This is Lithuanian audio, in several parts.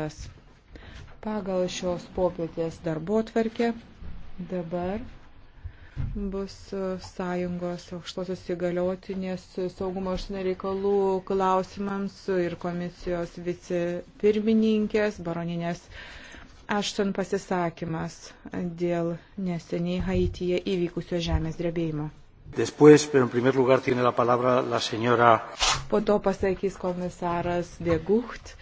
Tas. Pagal šios popietės darbo tvarkę dabar bus sąjungos aukštosios įgaliotinės saugumo užsienio reikalų klausimams ir komisijos vicepirmininkės baroninės Ašton pasisakymas dėl neseniai Haityje įvykusio žemės drebėjimo. Después, pero en primer lugar tiene la palabra la señora. Po to pasakys komisaras Degucht.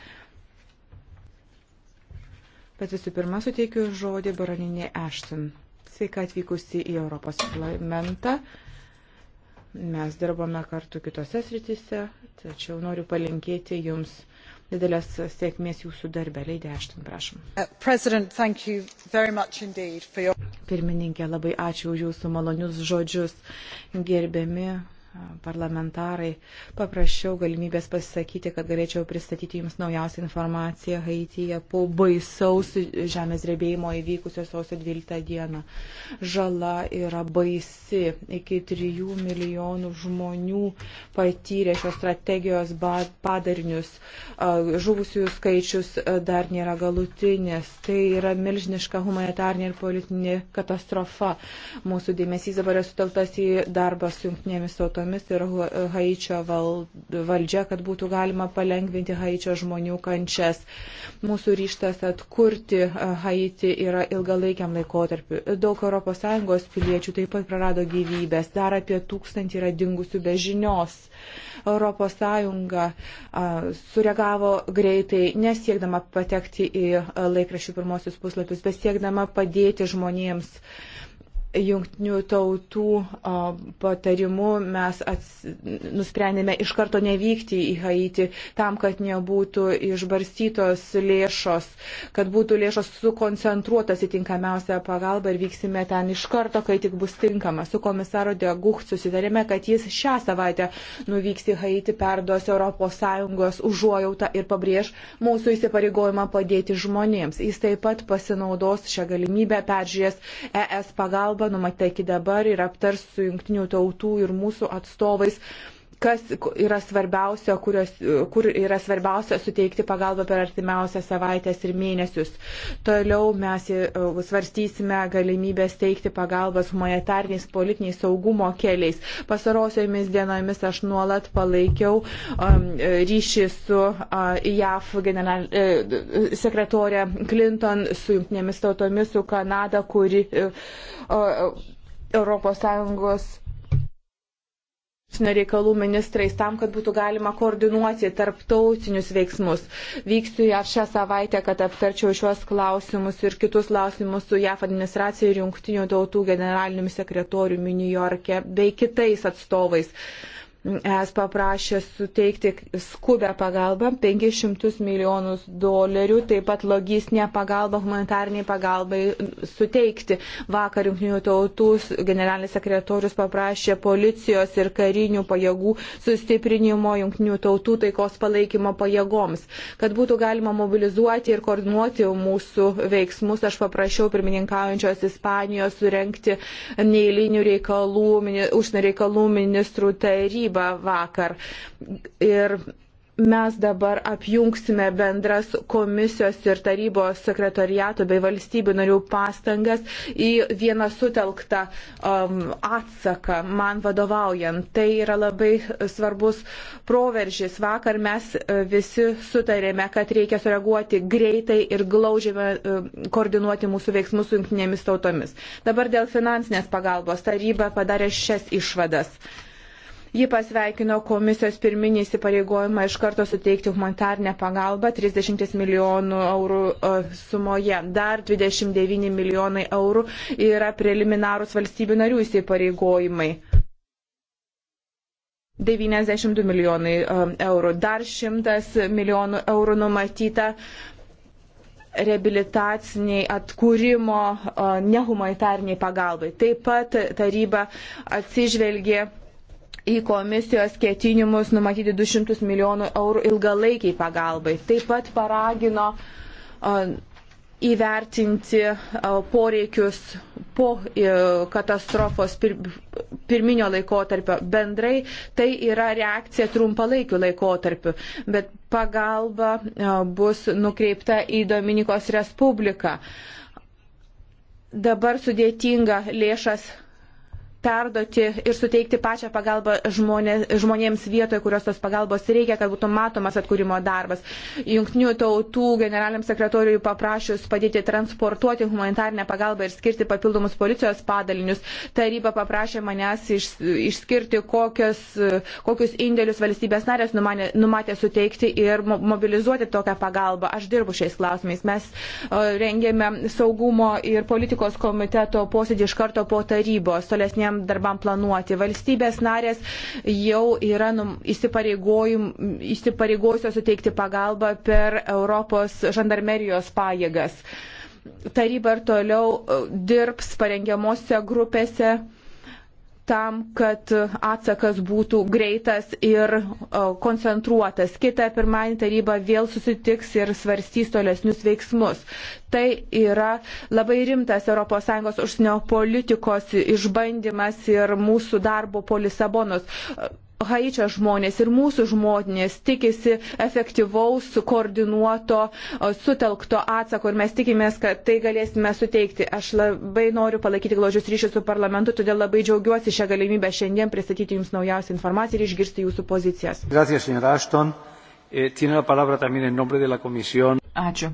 Bet visų pirma, suteikiu žodį baroninė Ashton. Sveika atvykusi į Europos parlamentą. Mes dirbome kartu kitose sritise, tačiau noriu palinkėti Jums didelės sėkmės jūsų darbę. Leidė Ašton, prašom. Uh, your... Pirmininkė, labai ačiū už jūsų malonius žodžius. Gerbiami parlamentarai, paprašiau galimybės pasisakyti, kad galėčiau pristatyti Jums naujausią informaciją Haityje po baisaus žemės drebėjimo įvykusio sausio 12 dieną. Žala yra baisi. Iki 3 milijonų žmonių patyrė šios strategijos padarinius. Žuvusių skaičius dar nėra galutinės. Tai yra milžiniška humanitarnė ir politinė katastrofa. Mūsų dėmesys dabar yra suteltas į darbą su jungtinėmis autoritėmis tautomis ir Haičio valdžia, kad būtų galima palengvinti Haičio žmonių kančias. Mūsų ryštas atkurti Haiti yra ilgalaikiam laikotarpiu. Daug ES piliečių taip pat prarado gyvybės, dar apie tūkstantį yra dingusių be žinios. ES sureagavo greitai, nesiekdama patekti į laikraščių pirmosius puslapius, bet siekdama padėti žmonėms jungtinių tautų patarimu mes ats, nusprendėme iš karto nevykti į Haiti tam, kad nebūtų išbarstytos lėšos, kad būtų lėšos sukoncentruotas į tinkamiausią pagalbą ir vyksime ten iš karto, kai tik bus tinkama. Su komisaro Degucht susidarėme, kad jis šią savaitę nuvyks į Haiti, perduos ES užuojautą ir pabrėž mūsų įsipareigojimą padėti žmonėms. Jis taip pat pasinaudos šią galimybę, peržiūrės ES pagalbą pagalba numatyta iki dabar ir aptars su jungtinių tautų ir mūsų atstovais. Uh, kas yra svarbiausia, kurios, kur yra svarbiausia suteikti pagalbą per artimiausias savaitės ir mėnesius. Toliau mes e, svarstysime galimybę steigti pagalbas humanitarniais, politiniais saugumo keliais. Pasarosiomis dienomis aš nuolat palaikiau um, ryšį su uh, JAF general, uh, sekretorė Clinton, su jungtinėmis tautomis, su Kanada, kuri uh, uh, Europos Sąjungos užsienio reikalų ministrais tam, kad būtų galima koordinuoti tarptautinius veiksmus. Vyksiu JAV šią savaitę, kad aptarčiau šiuos klausimus ir kitus klausimus su JAV administracija ir jungtinių tautų generaliniu sekretoriumi New York'e bei kitais atstovais. Uh, es paprašė suteikti skubę pagalbą 500 milijonus dolerių, taip pat logistinę pagalbą, humanitarniai pagalbai suteikti. Vakar Junktinių tautų generalinis sekretorius paprašė policijos ir karinių pajėgų sustiprinimo Junktinių tautų taikos palaikymo pajėgoms. Kad būtų galima mobilizuoti ir koordinuoti mūsų veiksmus, aš paprašiau pirmininkaujančios Ispanijos surenkti neįlinių reikalų, užsienio reikalų ministrų tarybą tarybą vakar. Ir mes dabar apjungsime bendras komisijos ir tarybos sekretariato bei valstybių narių pastangas į vieną sutelktą um, atsaką man vadovaujant. Tai yra labai svarbus proveržis. Vakar mes e, visi sutarėme, kad reikia sureaguoti greitai ir glaužiame koordinuoti mūsų veiksmus su jungtinėmis tautomis. Dabar dėl finansinės pagalbos taryba padarė šias išvadas. Ji pasveikino komisijos pirminį įsipareigojimą iš karto suteikti humanitarnę pagalbą 30 milijonų eurų e, sumoje. Dar 29 milijonai eurų yra preliminarūs valstybių narių įsipareigojimai. 92 milijonai e, eurų. Dar 100 milijonų eurų numatyta reabilitaciniai atkūrimo e, nehumanitariniai pagalbai. Taip pat taryba atsižvelgė į komisijos ketinimus numatyti 200 milijonų eurų ilgalaikiai pagalbai. Taip pat paragino įvertinti poreikius po katastrofos pirminio laikotarpio. Bendrai tai yra reakcija trumpalaikiu laikotarpiu, bet pagalba bus nukreipta į Dominikos Respubliką. Dabar sudėtinga lėšas perduoti ir suteikti pačią pagalbą žmonė, žmonėms vietoje, kurios tos pagalbos reikia, kad būtų matomas atkūrimo darbas. Junktinių tautų generaliniam sekretoriui paprašius padėti transportuoti humanitarinę pagalbą ir skirti papildomus policijos padalinius, taryba paprašė manęs iš, išskirti, kokios, kokius indėlius valstybės narės numanė, numatė suteikti ir mobilizuoti tokią pagalbą. Aš dirbu šiais klausimais. Mes rengėme saugumo ir politikos komiteto posėdį iš karto po tarybos. Tolesnė strateginiam darbam planuoti. Valstybės narės jau yra nu, įsipareigojusios suteikti pagalbą per Europos žandarmerijos pajėgas. Taryba ir toliau e, dirbs parengiamosiose grupėse tam, kad atsakas būtų greitas ir e, koncentruotas. Kita pirmąjį taryba vėl susitiks ir svarstys tolesnius veiksmus. Tai yra labai rimtas ES užsienio politikos išbandymas ir mūsų darbo po Lisabonos. Haičio žmonės ir mūsų žmonės tikisi efektyvaus, koordinuoto, sutelkto atsako ir mes tikimės, kad tai galėsime suteikti. Aš labai noriu palaikyti glaudžius ryšius su parlamentu, todėl labai džiaugiuosi šią galimybę šiandien pristatyti Jums naujausią informaciją ir išgirsti Jūsų pozicijas. Eh, Ačiū.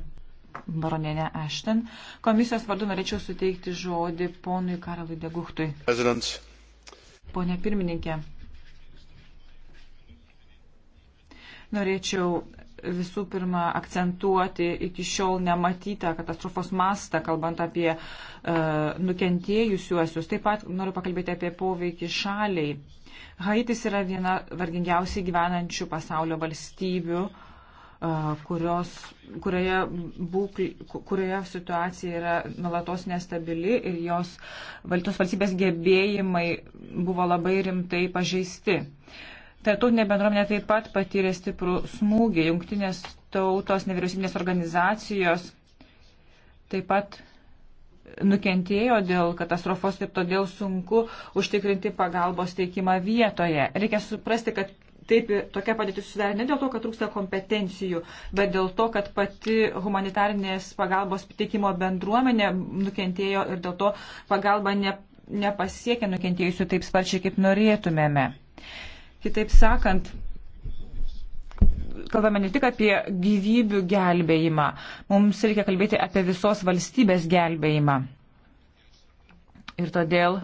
Baronienė Ashton. Komisijos vardu norėčiau suteikti žodį ponui Karalui Deguhtui. Presidents. Pone pirmininkė, Norėčiau visų pirma akcentuoti iki šiol nematytą katastrofos mastą, kalbant apie e, nukentėjusiuosius. Taip pat noriu pakalbėti apie poveikį šaliai. Haitis yra viena vargingiausiai gyvenančių pasaulio valstybių, e, kurios, kurioje, būklė, kurioje situacija yra nuolatos nestabili ir jos valtos valstybės gebėjimai buvo labai rimtai pažeisti. E, Tartautinė bendruomenė taip pat patyrė stiprų smūgį. Jungtinės tautos nevyriausybinės organizacijos taip pat nukentėjo dėl katastrofos ir todėl sunku užtikrinti pagalbos teikimą vietoje. Reikia suprasti, kad taip tokia padėtis susidarė ne dėl to, kad trūksta kompetencijų, bet dėl to, kad pati humanitarinės pagalbos teikimo bendruomenė nukentėjo ir dėl to pagalba ne, nepasiekė nukentėjusių taip sparčiai, kaip norėtumėme. Kitaip sakant, kalbame ne tik apie gyvybių gelbėjimą, mums reikia kalbėti apie visos valstybės gelbėjimą. Ir todėl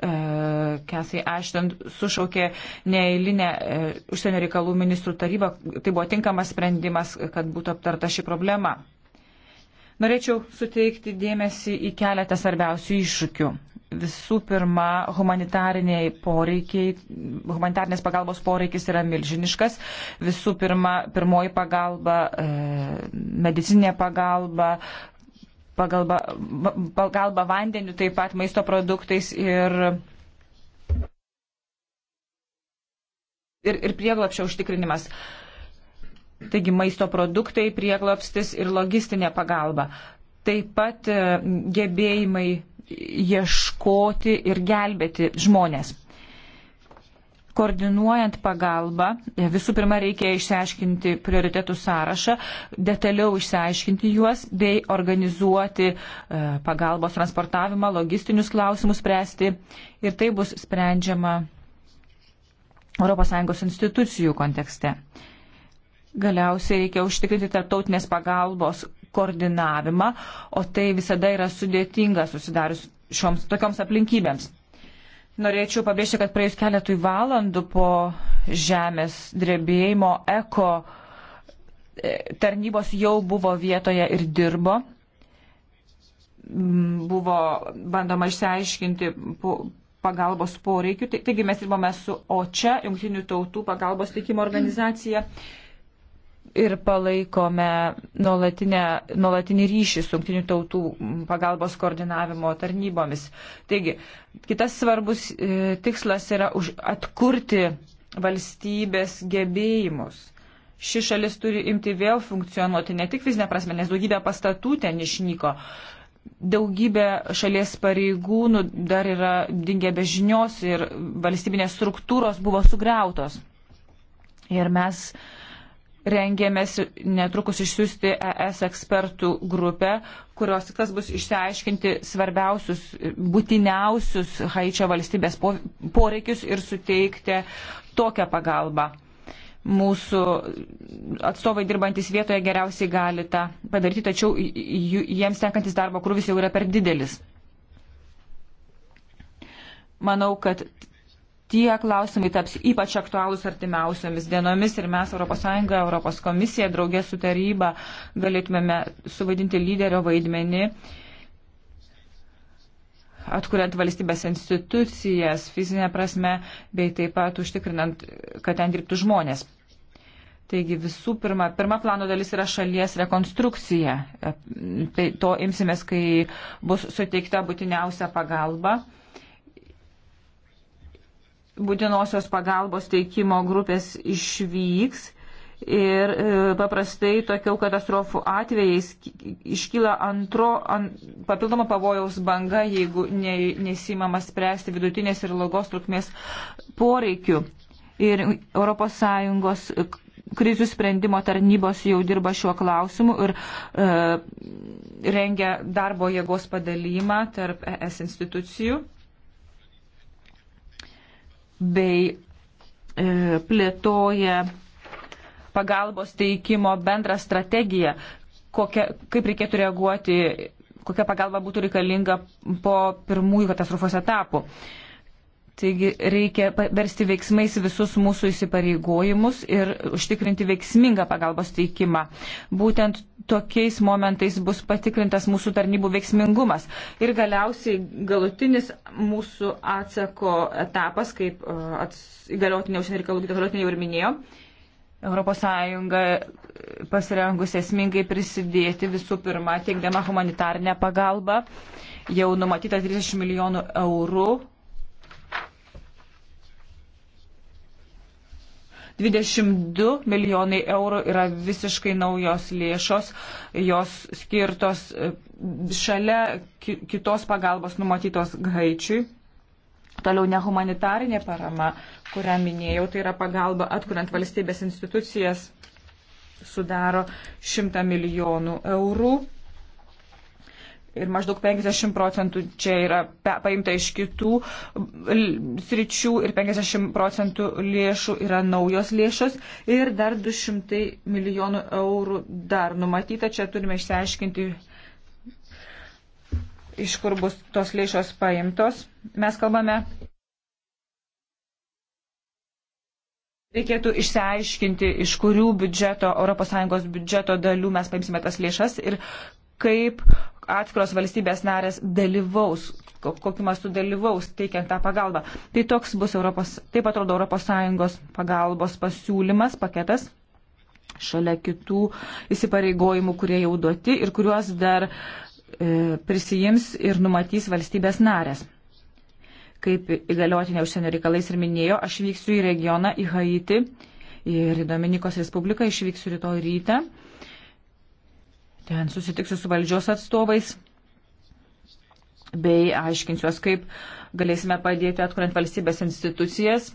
Kesai Ashton sušaukė neįlinę e, užsienio reikalų ministrų tarybą. Tai buvo tinkamas sprendimas, kad būtų aptarta ši problema. Norėčiau suteikti dėmesį į keletą svarbiausių iššūkių visų pirma, humanitariniai poreikiai, humanitarinės pagalbos poreikis yra milžiniškas. Visų pirma, pirmoji pagalba, e, medicinė pagalba, pagalba, pagalba vandeniu, taip pat maisto produktais ir, ir, ir prieglapšio užtikrinimas. Taigi maisto produktai, prieglapstis ir logistinė pagalba. Taip pat e, gebėjimai ieškoti ir gelbėti žmonės. Koordinuojant pagalbą, visų pirma reikia išsiaiškinti prioritetų sąrašą, detaliau išsiaiškinti juos bei organizuoti e, pagalbos transportavimą, logistinius klausimus spręsti ir tai bus sprendžiama ES institucijų kontekste. Galiausiai reikia užtikrinti tarptautinės pagalbos koordinavimą, o tai visada yra sudėtinga susidarius šioms tokioms aplinkybėms. Norėčiau pabrėžti, kad praėjus keletui valandų po žemės drebėjimo eko e, tarnybos jau buvo vietoje ir dirbo. Mm, buvo bandoma išsiaiškinti pagalbos poreikių. Taigi mes dirbome su OČA, e, Junktinių tautų pagalbos teikimo organizacija. Mm ir palaikome nuolatinį ryšį su jungtinių tautų pagalbos koordinavimo tarnybomis. Taigi, kitas svarbus e, tikslas yra už, atkurti valstybės gebėjimus. Ši šalis turi imti vėl funkcionuoti ne tik fizinė prasme, nes daugybė pastatų ten išnyko. Daugybė šalies pareigūnų dar yra dingę bežinios ir valstybinės struktūros buvo sugriautos. Ir mes uh, rengėmės netrukus išsiųsti ES ekspertų grupę, kurios tikslas bus išsiaiškinti svarbiausius, būtiniausius Haičio valstybės poreikius ir suteikti tokią pagalbą. Mūsų atstovai dirbantis vietoje geriausiai gali tą padaryti, tačiau jiems tenkantis darbo krūvis jau yra per didelis. Manau, kad tie klausimai taps ypač aktualūs artimiausiomis dienomis ir mes ES, ES komisija, draugė su taryba galėtumėme suvaidinti lyderio vaidmenį, atkuriant valstybės institucijas fizinę prasme, bei taip pat užtikrinant, kad ten dirbtų žmonės. Taigi visų pirma, pirma plano dalis yra šalies rekonstrukcija. Tai to imsimės, kai bus suteikta būtiniausia pagalba būtinosios pagalbos teikimo grupės išvyks ir e, paprastai tokių katastrofų atvejais iškyla antro an, papildoma pavojaus banga, jeigu ne, nesimama spręsti vidutinės ir logos trukmės poreikių. Ir ES krizių sprendimo tarnybos jau dirba šiuo klausimu ir e, rengia darbo jėgos padalymą tarp ES institucijų bei e, plėtoja pagalbos teikimo bendrą strategiją, kokia, kaip reikėtų reaguoti, kokia pagalba būtų reikalinga po pirmųjų katastrofos etapų. Taigi reikia versti veiksmais visus mūsų įsipareigojimus ir užtikrinti veiksmingą pagalbos teikimą. Būtent tokiais momentais bus patikrintas mūsų tarnybų veiksmingumas. Ir galiausiai galutinis mūsų atsako etapas, kaip e, įgaliotinė užsienio reikalų įgaliotinė jau ir minėjo, ES pasirengus esmingai prisidėti visų pirma, teikdama humanitarnę pagalbą, jau numatyta 30 milijonų eurų 22 milijonai eurų yra visiškai naujos lėšos, jos skirtos e, šalia kitos pagalbos numatytos gaičiui. Toliau nehumanitarinė parama, kurią minėjau, tai yra pagalba atkuriant valstybės institucijas, sudaro 100 milijonų eurų ir maždaug 50 procentų čia yra paimta iš kitų sričių ir 50 procentų lėšų yra naujos lėšos ir dar 200 milijonų eurų dar numatyta. Čia turime išsiaiškinti, iš kur bus tos lėšos paimtos. Mes kalbame. Reikėtų išsiaiškinti, iš kurių biudžeto, ES biudžeto dalių mes paimsime tas lėšas ir kaip atskiros valstybės narės dalyvaus, kokiu mastu dalyvaus teikiant tą pagalbą. Tai toks bus Europos, taip atrodo ES pagalbos pasiūlymas, paketas šalia kitų įsipareigojimų, kurie jau duoti ir kuriuos dar e, prisijims ir numatys valstybės narės. Kaip įgaliotinė užsienio reikalais ir minėjo, aš vyksiu į regioną, į Haiti ir į Dominikos Respubliką, išvyksiu rytoj ryte. ryte Ten susitiksiu su valdžios atstovais bei aiškinsiuos, kaip galėsime padėti atkuriant valstybės institucijas,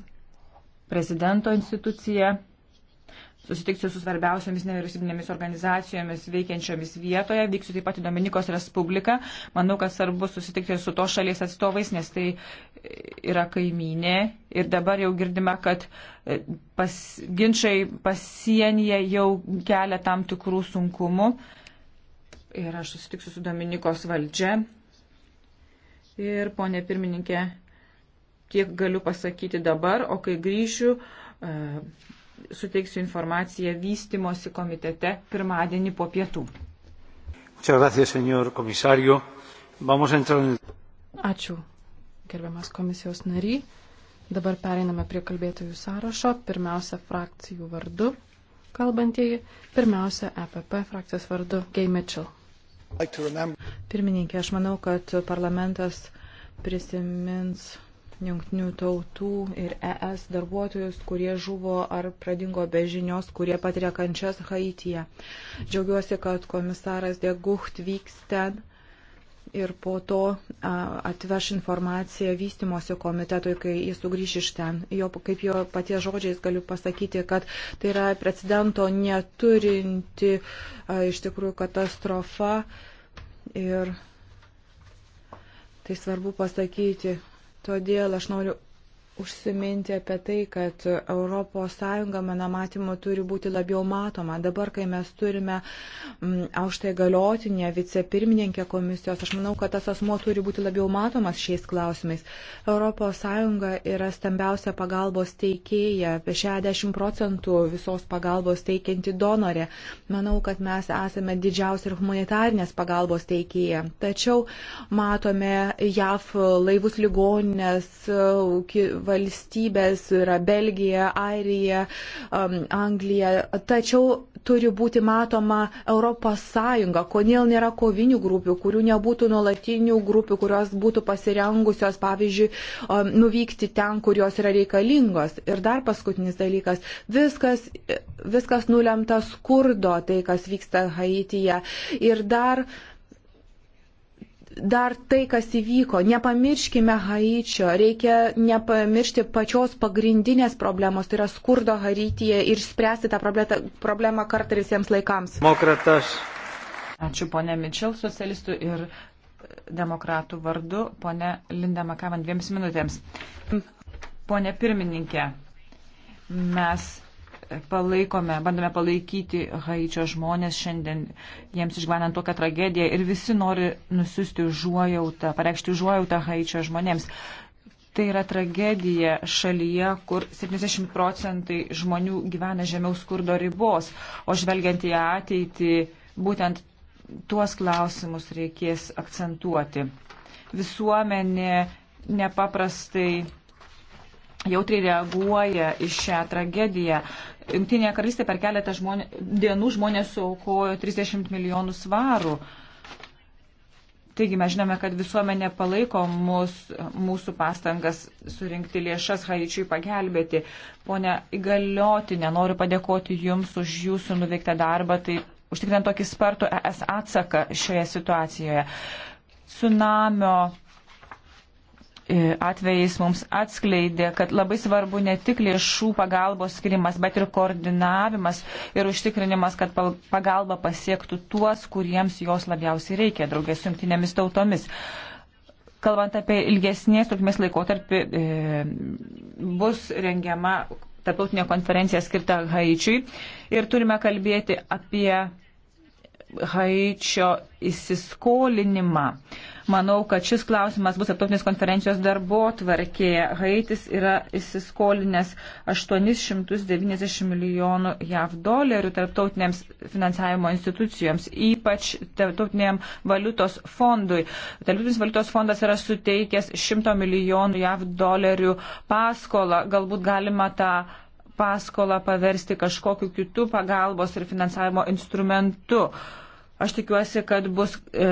prezidento instituciją. Susitiksiu su svarbiausiamis nevyriausybinėmis organizacijomis veikiančiomis vietoje, vyksiu taip pat į Dominikos Respubliką. Manau, kad svarbu susitikti ir su to šalies atstovais, nes tai yra kaimynė. Ir dabar jau girdime, kad e, pas, ginčiai pasienyje jau kelia tam tikrų sunkumų ir aš susitiksiu su Dominikos valdžia. Ir, ponė pirmininkė, tiek galiu pasakyti dabar, o kai grįšiu, e, suteiksiu informaciją vystimosi komitete pirmadienį po pietų. Ačiū, gerbiamas komisijos nary. Dabar pereiname prie kalbėtojų sąrašo. Pirmiausia, frakcijų vardu kalbantieji. Pirmiausia, EPP frakcijos vardu Gay Mitchell. Pirmininkė, aš manau, kad parlamentas prisimins jungtinių tautų ir ES darbuotojus, kurie žuvo ar pradingo be žinios, kurie patiria kančias Haityje. Džiaugiuosi, kad komisaras Degucht vyks ten ir po to atveš informaciją vystimosi komitetui, kai jis sugrįž iš ten. Jo, kaip jo paties žodžiais galiu pasakyti, kad tai yra precedento neturinti iš tikrųjų katastrofa ir tai svarbu pasakyti. Todėl aš noriu užsiminti apie tai, kad ES, mano matymu, turi būti labiau matoma. Dabar, kai mes turime mm, aukštai galiotinę vicepirmininkę komisijos, aš manau, kad tas asmo turi būti labiau matomas šiais klausimais. ES yra stambiausia pagalbos teikėja, apie 60 procentų visos pagalbos teikianti donorė. Manau, kad mes esame didžiausia ir humanitarnės pagalbos teikėja. Tačiau matome JAF laivus ligoninės, valstybės yra Belgija, Airija, um, Anglija. Tačiau turi būti matoma Europos Sąjunga. Kodėl nėra kovinių grupių, kurių nebūtų nuolatinių grupių, kurios būtų pasirengusios, pavyzdžiui, um, nuvykti ten, kur jos yra reikalingos. Ir dar paskutinis dalykas. Viskas, viskas nulemta skurdo, tai kas vyksta Haityje. Ir dar dar tai, kas įvyko. Nepamirškime Haičio, reikia nepamiršti pačios pagrindinės problemos, tai yra skurdo Haityje ir spręsti tą problemą kartą visiems laikams. Demokratas. Ačiū ponė Mitchell, socialistų ir demokratų vardu, ponė Linda Makavan, dviems minutėms. Pone pirmininkė, mes palaikome, bandome palaikyti Haičio žmonės šiandien, jiems išgyvenant tokią tragediją ir visi nori nusiųsti užuojautą, pareikšti užuojautą Haičio žmonėms. Tai yra tragedija šalyje, kur 70 procentai žmonių gyvena žemiau skurdo ribos, o žvelgiant į ateitį, būtent tuos klausimus reikės akcentuoti. Visuomenė nepaprastai jautriai reaguoja į šią tragediją. Junktinėje karalystėje per keletą žmonė, dienų žmonės suaukojo 30 milijonų svarų. Taigi mes žinome, kad visuomenė palaiko mus, mūsų pastangas surinkti lėšas Haičiui pagelbėti. Pone įgaliotinė, noriu padėkoti Jums už Jūsų nuveiktą darbą, tai užtikrinant tokį spartų ES atsaką šioje situacijoje. Tsunamio E, atvejais mums atskleidė, kad labai svarbu ne tik lėšų pagalbos skirimas, bet ir koordinavimas ir užtikrinimas, kad pagalba pasiektų tuos, kuriems jos labiausiai reikia, draugės su jungtinėmis tautomis. Kalbant apie ilgesnės trukmės laikotarpį, e, bus rengiama tarptautinė konferencija skirta Haičiui ir turime kalbėti apie Haičio įsiskolinimą. Manau, kad šis klausimas bus aptautinės konferencijos darbo tvarkėje. Haitis yra įsiskolinęs 890 milijonų JAV dolerių tarptautinėms finansavimo institucijoms, ypač tarptautiniam valiutos fondui. Tarptautinis valiutos fondas yra suteikęs 100 milijonų JAV dolerių paskolą. Galbūt galima tą paskolą paversti kažkokiu kitų pagalbos ir finansavimo instrumentu. Uh, Aš tikiuosi, kad bus e,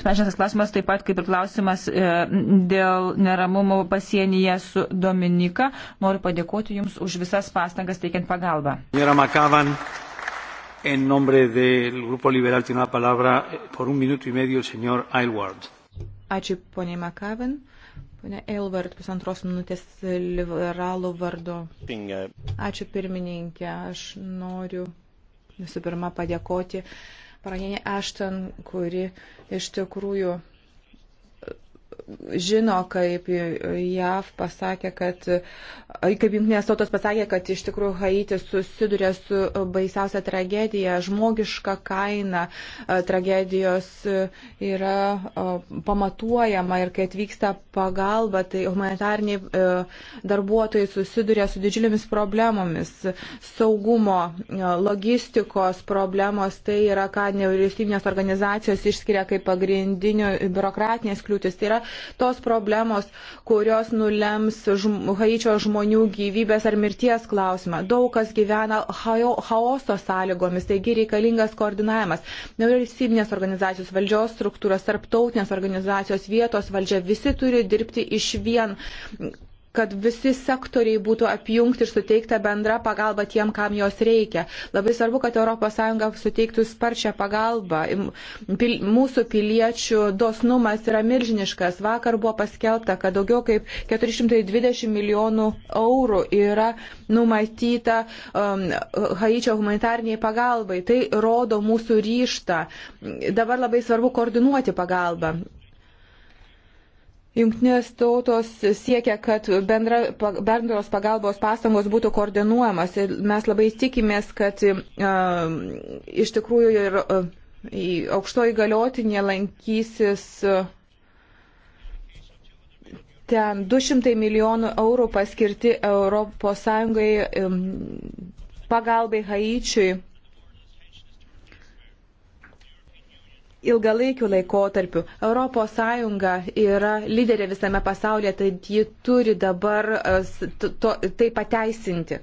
sprendžiamas klausimas taip pat kaip ir klausimas e, dėl neramumo pasienyje su Dominika. Noriu padėkoti Jums už visas pastangas teikiant pagalbą. En nombre del Grupo Liberal tiene la palabra eh, por un minuto y medio el señor Aylward. Ačiū, ponė Makaven. Pone Aylward, pusantros minutės liberalų vardu. Ačiū, pirmininkė. Aš noriu visų pirma padėkoti uh, Paranė Ašton, kuri iš tikrųjų žino, kaip JAV pasakė, kad, kaip jungtinės tautos pasakė, kad iš tikrųjų Haitis susiduria su baisiausia tragedija, žmogiška kaina tragedijos yra pamatuojama ir kai atvyksta pagalba, tai humanitarniai darbuotojai susiduria su didžiulėmis problemomis, saugumo, logistikos problemos, tai yra, ką nevyriausybinės organizacijos išskiria kaip pagrindinių biurokratinės kliūtis. Tai yra tos problemos, kurios nulems žm Haičio žmonių gyvybės ar mirties klausimą. Daug kas gyvena chaoso sąlygomis, taigi reikalingas koordinavimas. Nevyriausybinės organizacijos, valdžios struktūros, tarptautinės organizacijos, vietos valdžia, visi turi dirbti iš vien kad visi sektoriai būtų apjungti ir suteikta bendra pagalba tiem, kam jos reikia. Labai svarbu, kad ES suteiktų sparčią pagalbą. Pil, mūsų piliečių dosnumas yra milžiniškas. Vakar buvo paskelbta, kad daugiau kaip 420 milijonų eurų yra numatyta um, Haičio humanitarniai pagalbai. Tai rodo mūsų ryštą. Dabar labai svarbu koordinuoti pagalbą. Junktinės tautos siekia, kad bendra, bendros pagalbos pastangos būtų koordinuojamas ir mes labai tikimės, kad uh, iš tikrųjų ir uh, aukštoji galiotinė lankysis. Uh, Ten 200 milijonų eurų paskirti ES pagalbai Haičiui ilgalaikiu laikotarpiu. ES yra lyderė visame pasaulyje, tai ji turi dabar e, to, tai pateisinti.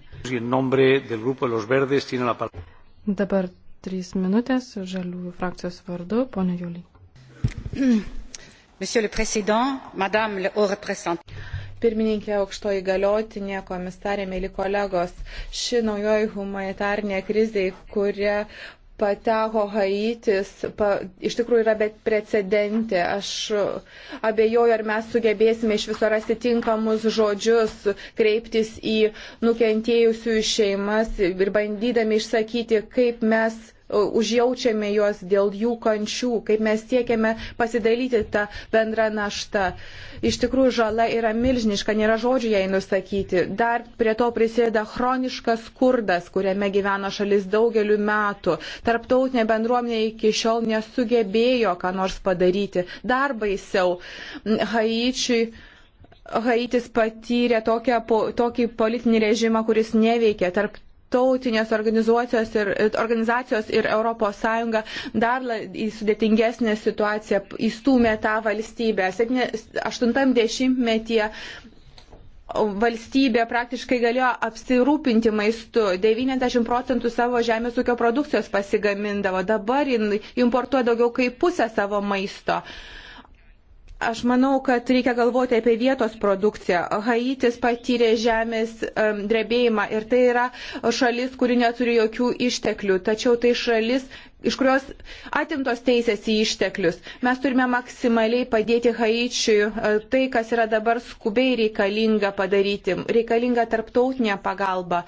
Dabar trys minutės žaliųjų frakcijos vardu, ponė July. Monsieur le Président, Madame le Haut représentant pirmininkė aukšto įgaliotinė, komisarė, mėly kolegos, ši naujoji humanitarnė krizė, kurią pateko Haitis, pa, iš tikrųjų yra beprecedentė. Aš abejoju, ar mes sugebėsime iš viso rasti tinkamus žodžius, kreiptis į nukentėjusių šeimas ir bandydami išsakyti, kaip mes užjaučiame juos dėl jų kančių, kaip mes siekiame pasidalyti tą bendrą naštą. Iš tikrųjų, žala yra milžiniška, nėra žodžių jai nusakyti. Dar prie to prisideda chroniškas skurdas, kuriame gyvena šalis daugeliu metų. Tarptautinė bendruomenė iki šiol nesugebėjo ką nors padaryti. Dar baisiau, Haičiui. Haitis patyrė tokią, po, tokį politinį režimą, kuris neveikia. Tarp tarptautinės organizacijos ir, organizacijos ir ES dar į sudėtingesnę situaciją įstumė tą valstybę. 80-metyje valstybė praktiškai galėjo apsirūpinti maistu. 90 procentų savo žemės ūkio produkcijos pasigamindavo. Dabar importuoja daugiau kaip pusę savo maisto. Uh, Aš manau, kad reikia galvoti apie vietos produkciją. Haitis patyrė žemės drebėjimą ir tai yra šalis, kuri neturi jokių išteklių. Tačiau tai šalis, iš kurios atimtos teisės į išteklius. Mes turime maksimaliai padėti Haičiui e, tai, kas yra dabar skubiai reikalinga padaryti. Reikalinga tarptautinė pagalba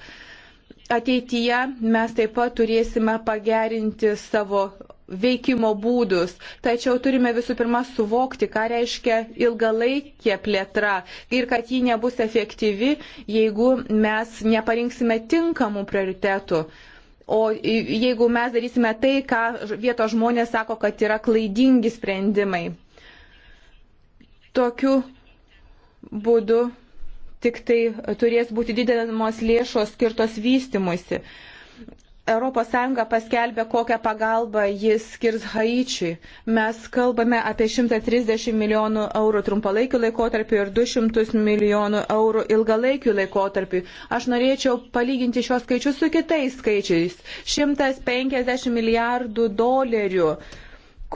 ateityje mes taip pat turėsime pagerinti savo veikimo būdus, tačiau turime visų pirma suvokti, ką reiškia ilgalaikė plėtra ir kad ji nebus efektyvi, jeigu mes neparinksime tinkamų prioritetų. O jeigu mes darysime tai, ką vietos žmonės sako, kad yra klaidingi sprendimai. Tokiu būdu tik tai turės būti didinamos lėšos skirtos vystimuisi. Uh, ES paskelbė, kokią pagalbą jis skirs Haičiui. Mes kalbame apie 130 milijonų eurų trumpalaikių laikotarpių ir 200 milijonų eurų ilgalaikių laikotarpių. Aš norėčiau palyginti šios skaičius su kitais skaičiais. 150 milijardų dolerių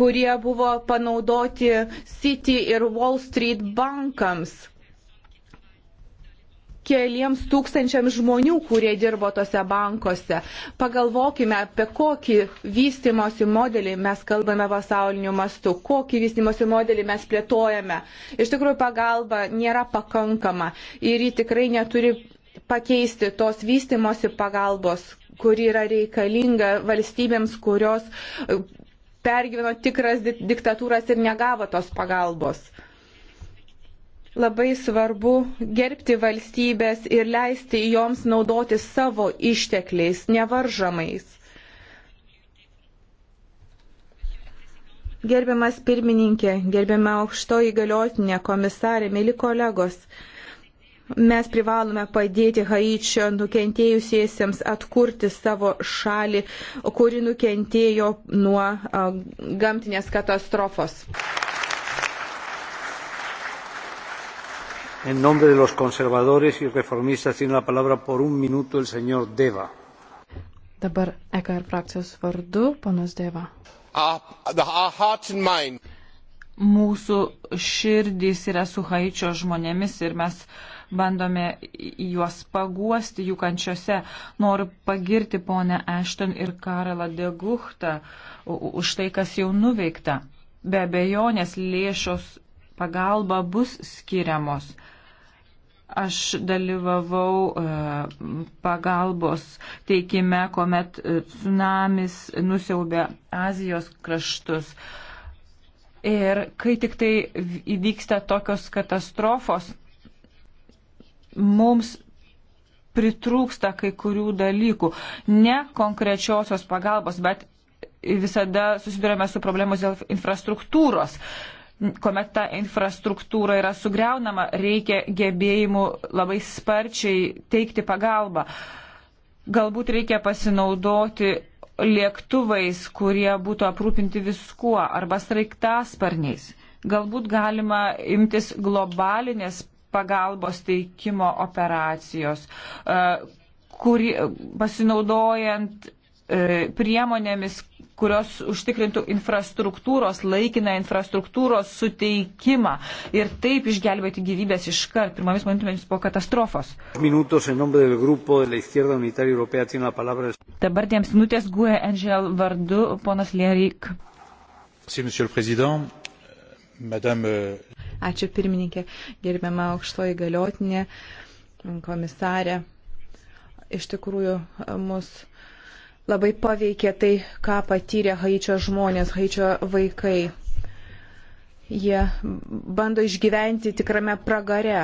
kurie buvo panaudoti City ir Wall Street bankams keliems tūkstančiams žmonių, kurie dirbo tose bankuose. Pagalvokime, apie kokį vystimosi modelį mes kalbame pasauliniu mastu, kokį vystimosi modelį mes plėtojame. Iš tikrųjų, pagalba nėra pakankama ir ji tikrai neturi pakeisti tos vystimosi pagalbos, kuri yra reikalinga valstybėms, kurios pergyveno tikras diktatūras ir negavo tos pagalbos labai svarbu gerbti valstybės ir leisti joms naudoti savo ištekliais, nevaržomais. Gerbiamas pirmininkė, gerbiama aukšto įgaliotinė, komisarė, mėly kolegos, mes privalome padėti Haičio nukentėjusiesiems atkurti savo šalį, kuri nukentėjo nuo gamtinės katastrofos. En nombre de los conservadores y reformistas tiene la palabra por un minuto el señor Deva. Dabar EKR frakcijos vardu, ponas Deva. Mūsų širdys yra su Haičio žmonėmis ir mes bandome juos paguosti jų kančiose. Noriu pagirti ponę Ešton ir Karalą Deguchtą už tai, kas jau nuveikta. Be abejonės lėšos pagalba bus skiriamos. Aš dalyvavau e, pagalbos teikime, kuomet e, tsunamis nusiaubė Azijos kraštus. Ir kai tik tai įvyksta tokios katastrofos, mums pritrūksta kai kurių dalykų. Ne konkrečiosios pagalbos, bet visada susidurėme su problemos dėl infrastruktūros. Uh, kuomet ta infrastruktūra yra sugriaunama, reikia gebėjimų labai sparčiai teikti pagalbą. Galbūt reikia pasinaudoti lėktuvais, kurie būtų aprūpinti viskuo, arba sraigtasparniais. Galbūt galima imtis globalinės pagalbos teikimo operacijos, e, kuri pasinaudojant E, priemonėmis, kurios užtikrintų infrastruktūros, laikiną infrastruktūros suteikimą ir taip išgelbėti gyvybės iškart, pirmomis minutėmis po katastrofos. Dabar dėms minutės guė NGL vardu ponas Lerik. Euh, Ačiū pirmininkė, gerbiama aukštoji galiotinė, komisarė. Iš tikrųjų, mūsų labai paveikė tai, ką patyrė Haičio žmonės, Haičio vaikai. Jie bando išgyventi tikrame pragare.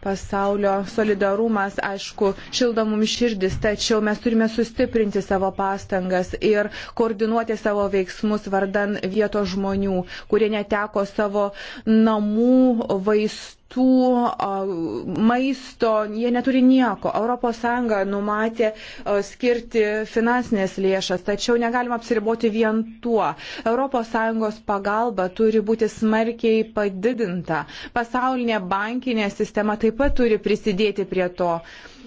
Pasaulio solidarumas, aišku, šildo mums širdis, tačiau mes turime sustiprinti savo pastangas ir koordinuoti savo veiksmus vardan vietos žmonių, kurie neteko savo namų, vaistų vaistų, maisto, jie neturi nieko. ES numatė skirti finansinės lėšas, tačiau negalima apsiriboti vien tuo. ES pagalba turi būti smarkiai padidinta. Pasaulinė bankinė sistema taip pat turi prisidėti prie to.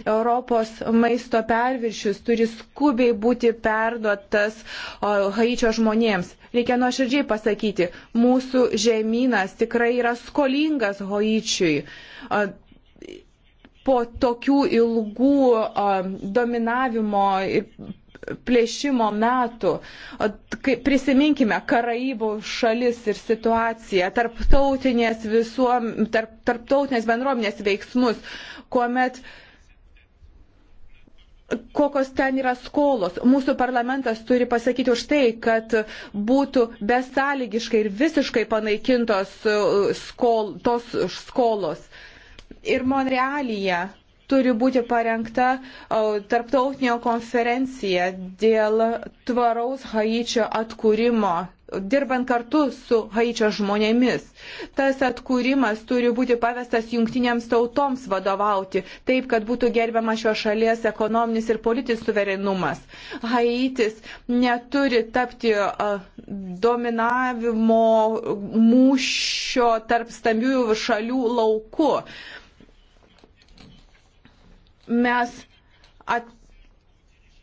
Europos maisto perviršius turi skubiai būti perduotas Haičio žmonėms. Reikia nuoširdžiai pasakyti, mūsų žemynas tikrai yra skolingas Haičiui. Po tokių ilgų dominavimo plėšimo metų. Prisiminkime Karaibų šalis ir situaciją, tarptautinės, visuom, tarp, tarptautinės bendruomenės veiksmus, kuomet uh, kokios ten yra skolos. Mūsų parlamentas turi pasakyti už tai, kad būtų besąlygiškai ir visiškai panaikintos uh, skol, tos skolos. Ir Monrealyje turi būti parengta uh, tarptautinė konferencija dėl tvaraus Haičio atkūrimo dirbant kartu su Haičio žmonėmis. Tas atkūrimas turi būti pavestas jungtinėms tautoms vadovauti, taip, kad būtų gerbiama šio šalies ekonominis ir politinis suverenumas. Haitis neturi tapti dominavimo mūšio tarp stambiųjų šalių lauku. Mes at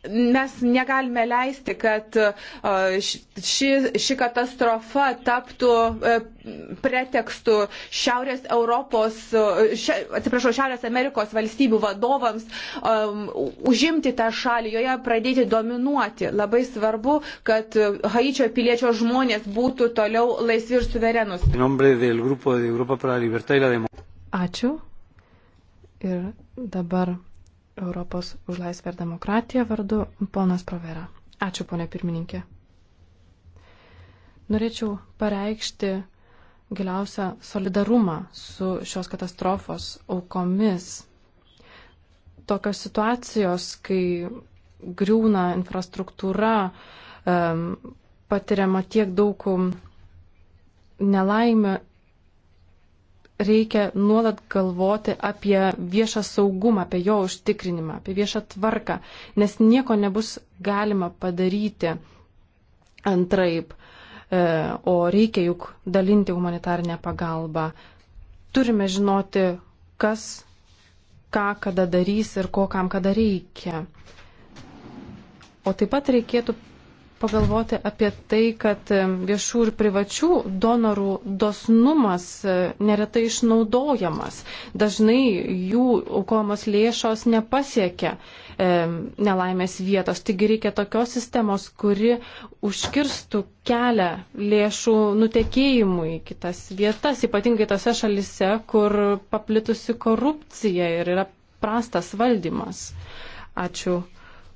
mes negalime leisti, kad e, ši, ši katastrofa taptų e, pretekstu Šiaurės Europos, e, šia, atsiprašau, Šiaurės Amerikos valstybių vadovams um, užimti tą šalį, joje pradėti dominuoti. Labai svarbu, kad Haičio piliečio žmonės būtų toliau laisvi ir suverenus. Ačiū. Ir dabar Europos už laisvę ir demokratiją vardu ponas Provera. Ačiū, ponė pirmininkė. Norėčiau pareikšti giliausią solidarumą su šios katastrofos aukomis. Tokios situacijos, kai griūna infrastruktūra, patiriama tiek daug nelaimė reikia nuolat galvoti apie viešą saugumą, apie jo užtikrinimą, apie viešą tvarką, nes nieko nebus galima padaryti antraip, e, o reikia juk dalinti humanitarinę pagalbą. Turime žinoti, kas ką kada darys ir ko kam kada reikia. O taip pat reikėtų pagalvoti apie tai, kad e, viešų ir privačių donorų dosnumas e, neretai išnaudojamas. Dažnai jų aukomos lėšos nepasiekia e, nelaimės vietos. Taigi reikia tokios sistemos, kuri užkirstų kelią lėšų nutekėjimui į kitas vietas, ypatingai tose šalise, kur paplitusi korupcija ir yra prastas valdymas. Ačiū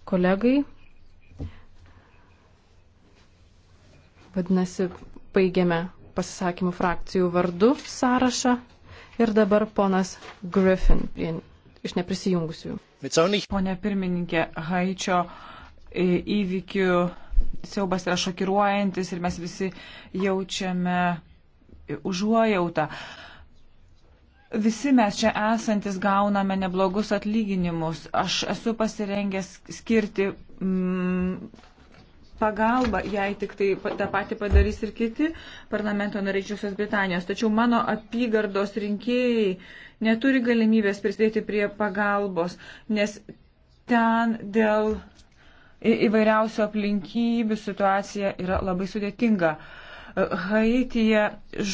kolegai. Vadinasi, baigėme pasisakymų frakcijų vardu sąrašą ir dabar ponas Griffin iš neprisijungusiųjų. Pone pirmininkė, Haičio e, įvykių siaubas yra šokiruojantis ir mes visi jaučiame užuojautą. Visi mes čia esantis gauname neblogus atlyginimus. Aš esu pasirengęs skirti mm, pagalba, jei tik tai tą patį padarys ir kiti parlamento norėčiausios Britanijos. Tačiau mano apygardos rinkėjai neturi galimybės prisidėti prie pagalbos, nes ten dėl įvairiausių aplinkybių situacija yra labai sudėtinga. E, Haityje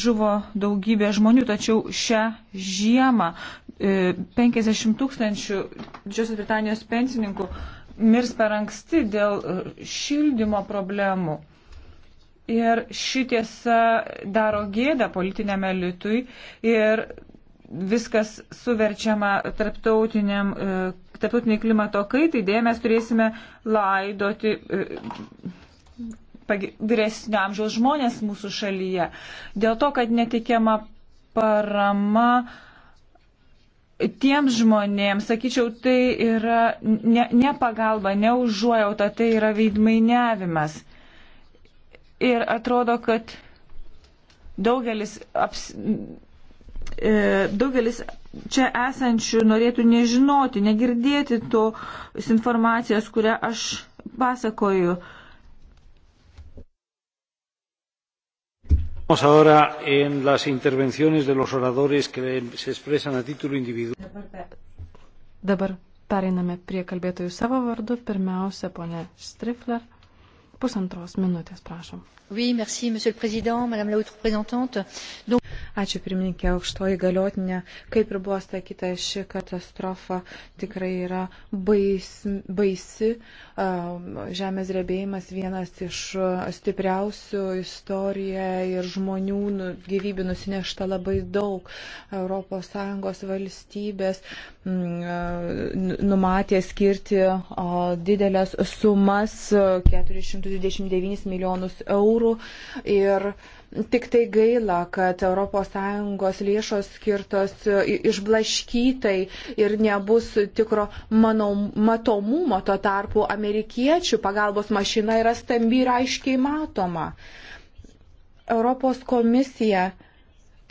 žuvo daugybė žmonių, tačiau šią žiemą 50 e, tūkstančių Didžiosios Britanijos pensininkų mirs per anksti dėl šildymo problemų. Ir ši tiesa daro gėdą politiniam elitui ir viskas suverčiama tarptautiniam, e, tarptautiniai klimato kaitai, dėja mes turėsime laidoti e, vyresnio amžiaus žmonės mūsų šalyje. Dėl to, kad netikiama parama tiems žmonėms, sakyčiau, tai yra ne, ne pagalba, ne užuojauta, tai yra veidmainiavimas. Ir atrodo, kad daugelis, aps, e, daugelis čia esančių norėtų nežinoti, negirdėti tos informacijos, kurią aš pasakoju. E, Vamos ahora en las intervenciones de los oradores que se expresan a título individual. Dabar pereiname prie kalbėtojų savo vardu. Pirmiausia, ponė Strifler, pusantros minutės, prašom. Oui, merci, Monsieur le Président, Madame la Haute Représentante. Donc... Ačiū pirmininkė aukštoji galiotinė. Kaip ir buvo sakyta, ši katastrofa tikrai yra bais, baisi. Žemės drebėjimas vienas iš stipriausių istoriją ir žmonių nu, gyvybių nusinešta labai daug. ES valstybės numatė skirti didelės sumas 429 milijonus eurų eurų ir Tik tai gaila, kad ES lėšos skirtos išblaškytai ir nebus tikro mano, matomumo, tuo tarpu amerikiečių pagalbos mašina yra stambi ir aiškiai matoma. Europos komisija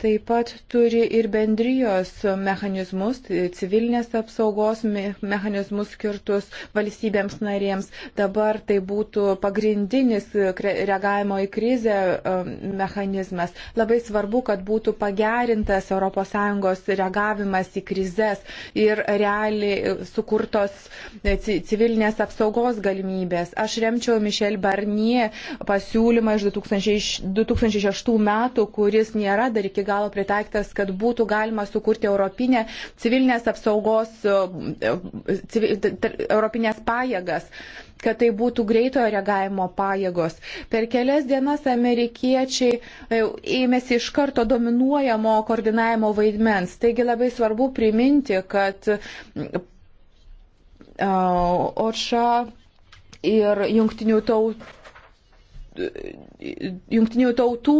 taip pat turi ir bendrijos mechanizmus, tai civilinės apsaugos mechanizmus skirtus valstybėms narėms. Dabar tai būtų pagrindinis reagavimo į krizę um, mechanizmas. Labai svarbu, kad būtų pagerintas ES reagavimas į krizės ir realiai sukurtos civilinės apsaugos galimybės. Aš remčiau Mišel Barnie pasiūlymą iš 2006 metų, kuris nėra dar iki galo galo pritaiktas, kad būtų galima sukurti Europinę civilinės apsaugos, e, e, civil, Europinės pajėgas kad tai būtų greitojo reagavimo pajėgos. Per kelias dienas amerikiečiai e, ėmėsi iš karto dominuojamo koordinavimo vaidmens. Taigi labai svarbu priminti, kad OŠA ir jungtinių tautų jungtinių tautų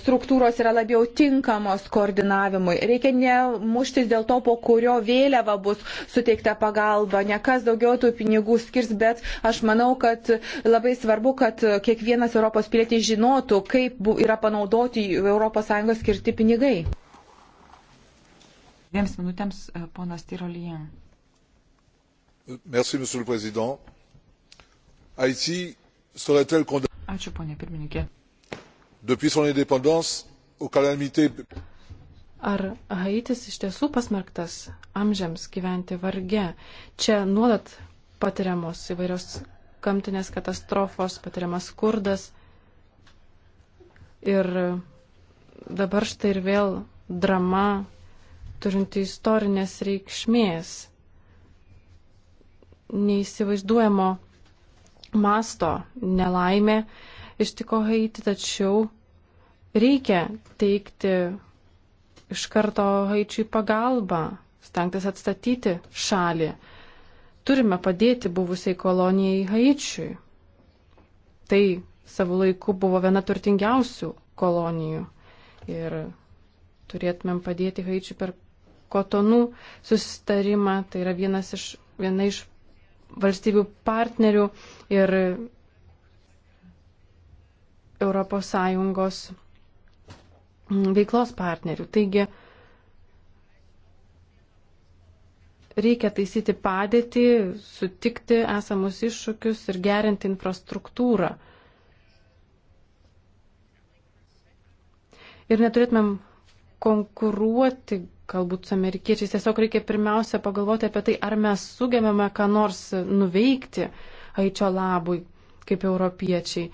struktūros yra labiau tinkamos koordinavimui. Reikia nemuštis dėl to, po kurio vėliava bus suteikta pagalba, ne kas daugiau tų pinigų skirs, bet aš manau, kad labai svarbu, kad kiekvienas Europos pilietis žinotų, kaip yra panaudoti ES skirti pinigai. Dviems minutėms e, ponas Tyrolien. Merci, Monsieur le Président. Haïti serait-elle condamnée? Ačiū, ponė pirmininkė. Ar Haitis iš tiesų pasmerktas amžiams gyventi varge? Čia nuolat patiriamos įvairios gamtinės katastrofos, patiriamas skurdas. Ir dabar štai ir vėl drama turinti istorinės reikšmės, neįsivaizduojamo masto nelaimė ištiko Haiti, tačiau reikia teikti iš karto Haičiui pagalbą, stengtis atstatyti šalį. Turime padėti buvusiai kolonijai Haičiui. Tai savo laiku buvo viena turtingiausių kolonijų ir turėtumėm padėti Haičiui per kotonų susitarimą. Tai yra vienas iš, viena iš valstybių partnerių ir ES veiklos partnerių. Taigi reikia taisyti padėtį, sutikti esamus iššūkius ir gerinti infrastruktūrą. Ir neturėtumėm konkuruoti galbūt su amerikiečiais. Tiesiog reikia pirmiausia pagalvoti apie tai, ar mes sugebame ką nors nuveikti aičio labui kaip europiečiai.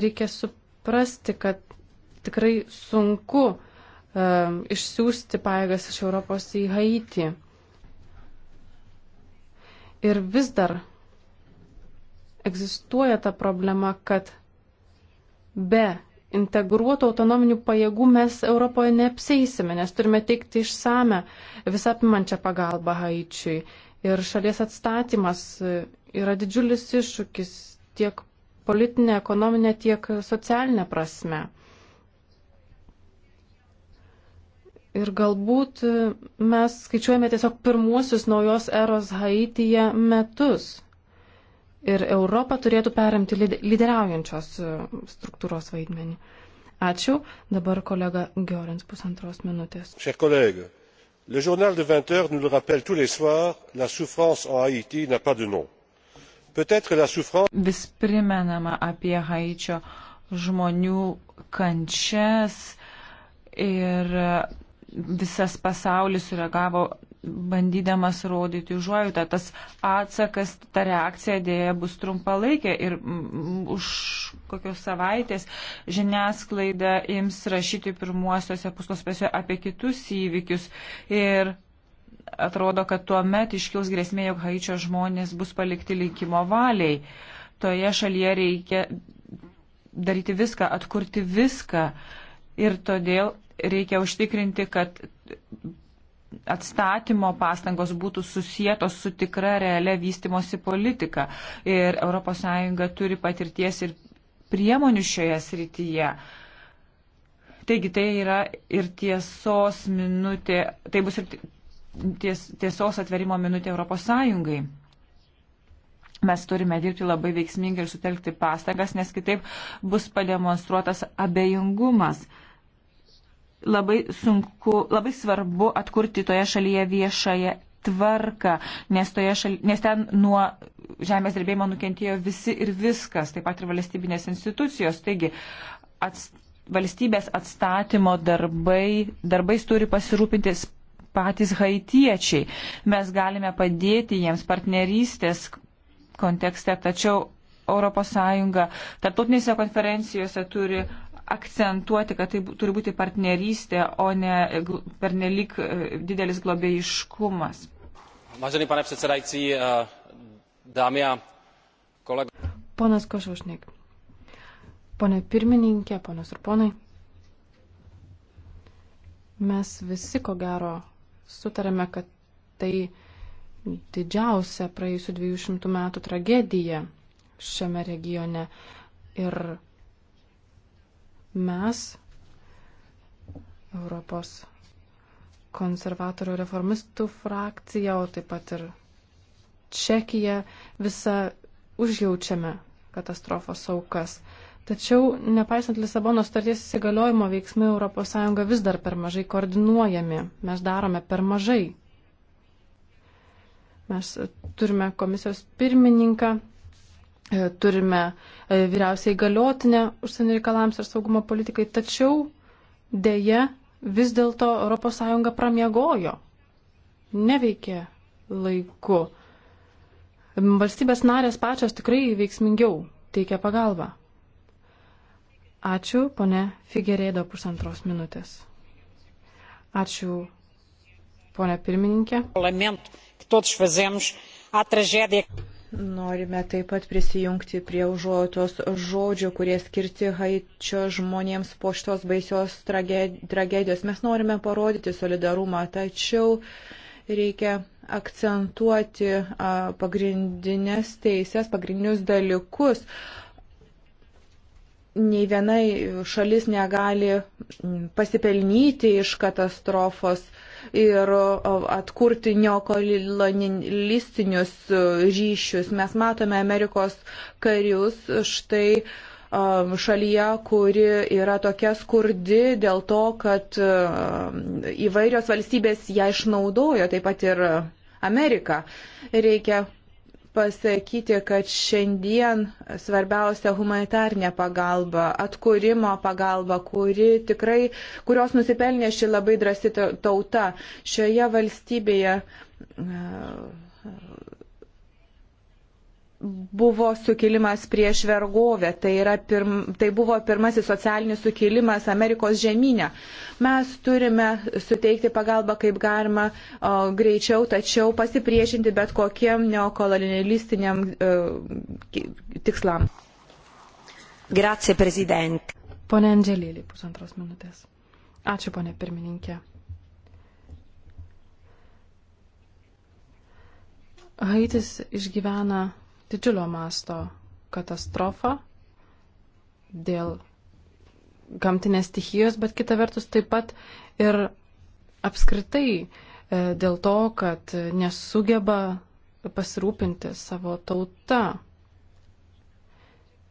Reikia suprasti, kad tikrai sunku uh, išsiųsti paėgas iš Europos į Haitį. Ir vis dar egzistuoja ta problema, kad be integruotų autonominių pajėgų mes Europoje neapseisime, nes turime teikti išsame visapimančią pagalbą Haičiui. Ir šalies atstatymas e, yra didžiulis iššūkis tiek politinė, ekonominė, tiek socialinė prasme. Ir galbūt e, mes skaičiuojame tiesiog pirmuosius naujos eros Haityje metus ir Europa turėtų perimti lyderiaujančios e, struktūros vaidmenį. Ačiū. Dabar kolega Giorins pusantros minutės. Le journal de 20 heures nous le rappelle tous les soirs, la souffrance en Haïti n'a pas de nom. Peut-être la souffrance. Vis primenama apie Haičio žmonių kančias ir visas pasaulis sureagavo bandydamas rodyti užuojautą. Tas atsakas, ta reakcija dėja bus trumpalaikė ir už kokios savaitės žiniasklaida ims rašyti pirmuosiuose puslapiuose apie kitus įvykius. Ir atrodo, kad tuo met iškils grėsmė, jog Haičio žmonės bus palikti likimo valiai. Toje šalyje reikia daryti viską, atkurti viską. Ir todėl reikia užtikrinti, kad atstatymo pastangos būtų susijętos su tikra realia vystimosi politika. Ir ES turi patirties ir priemonių šioje srityje. Taigi tai yra ir tiesos minutė, tai bus ir ties, tiesos atverimo minutė ES. Mes turime dirbti labai veiksmingai ir sutelkti pastangas, nes kitaip bus pademonstruotas abejingumas labai sunku, labai svarbu atkurti toje šalyje viešąją tvarką, nes, šaly, nes ten nuo žemės drebėjimo nukentėjo visi ir viskas, taip pat ir valstybinės institucijos. Taigi, ats, valstybės atstatymo darbai, darbais turi pasirūpinti patys haitiečiai. Mes galime padėti jiems partnerystės kontekste, tačiau ES tarptautinėse konferencijose turi akcentuoti, kad tai turi būti partnerystė, o ne pernelik e, didelis globėjiškumas. Vážený pane předsedající, e, dámy a kolegové. Ponas Košaušnik, pone pirmininkė, ponas ir ponai, mes visi ko gero sutarėme, kad tai didžiausia praėjusių 200 metų tragedija šiame regione ir mes, Europos konservatorių reformistų frakcija, o taip pat ir Čekija, visą užjaučiame katastrofos aukas. Tačiau, nepaisant Lisabono starties įsigaliojimo, veiksmai ES vis dar per mažai koordinuojami. Mes darome per mažai. Mes turime komisijos pirmininką, E, turime e, vyriausiai galiotinę užsienio reikalams ir saugumo politikai, tačiau dėje vis dėlto ES pramiegojo, neveikė laiku. Valstybės narės pačios tikrai veiksmingiau teikia pagalbą. Ačiū, ponė Figerėdo, pusantros minutės. Ačiū, ponė pirmininkė. Parlamento, que todos fazemos à tragédia. Norime taip pat prisijungti prie užuotos žodžių, kurie skirti Haičio žmonėms po šitos baisios tragedijos. Mes norime parodyti solidarumą, tačiau reikia akcentuoti pagrindinės teisės, pagrindinius dalykus. Nei vienai šalis negali pasipelnyti iš katastrofos ir atkurti neokolonialistinius ryšius. Mes matome Amerikos karius štai šalyje, kuri yra tokia skurdi dėl to, kad įvairios valstybės ją išnaudojo, taip pat ir Amerika. Reikia pasakyti, kad šiandien svarbiausia humanitarnė pagalba, atkūrimo pagalba, kuri tikrai, kurios nusipelnė ši labai drasi tauta šioje valstybėje buvo sukilimas prieš vergovę, tai, pirm, tai buvo pirmasis socialinis sukilimas Amerikos žemynė. Mes turime suteikti pagalbą kaip galima o, greičiau, tačiau pasipriešinti bet kokiem neokolonialistiniam o, e, tikslam. Grazie, prezident. Pone Andželėlį, pusantros minutės. Ačiū, pone pirmininkė. Haitis išgyvena didžiulio masto katastrofą dėl gamtinės stichijos, bet kita vertus taip pat ir apskritai e, dėl to, kad nesugeba pasirūpinti savo tauta.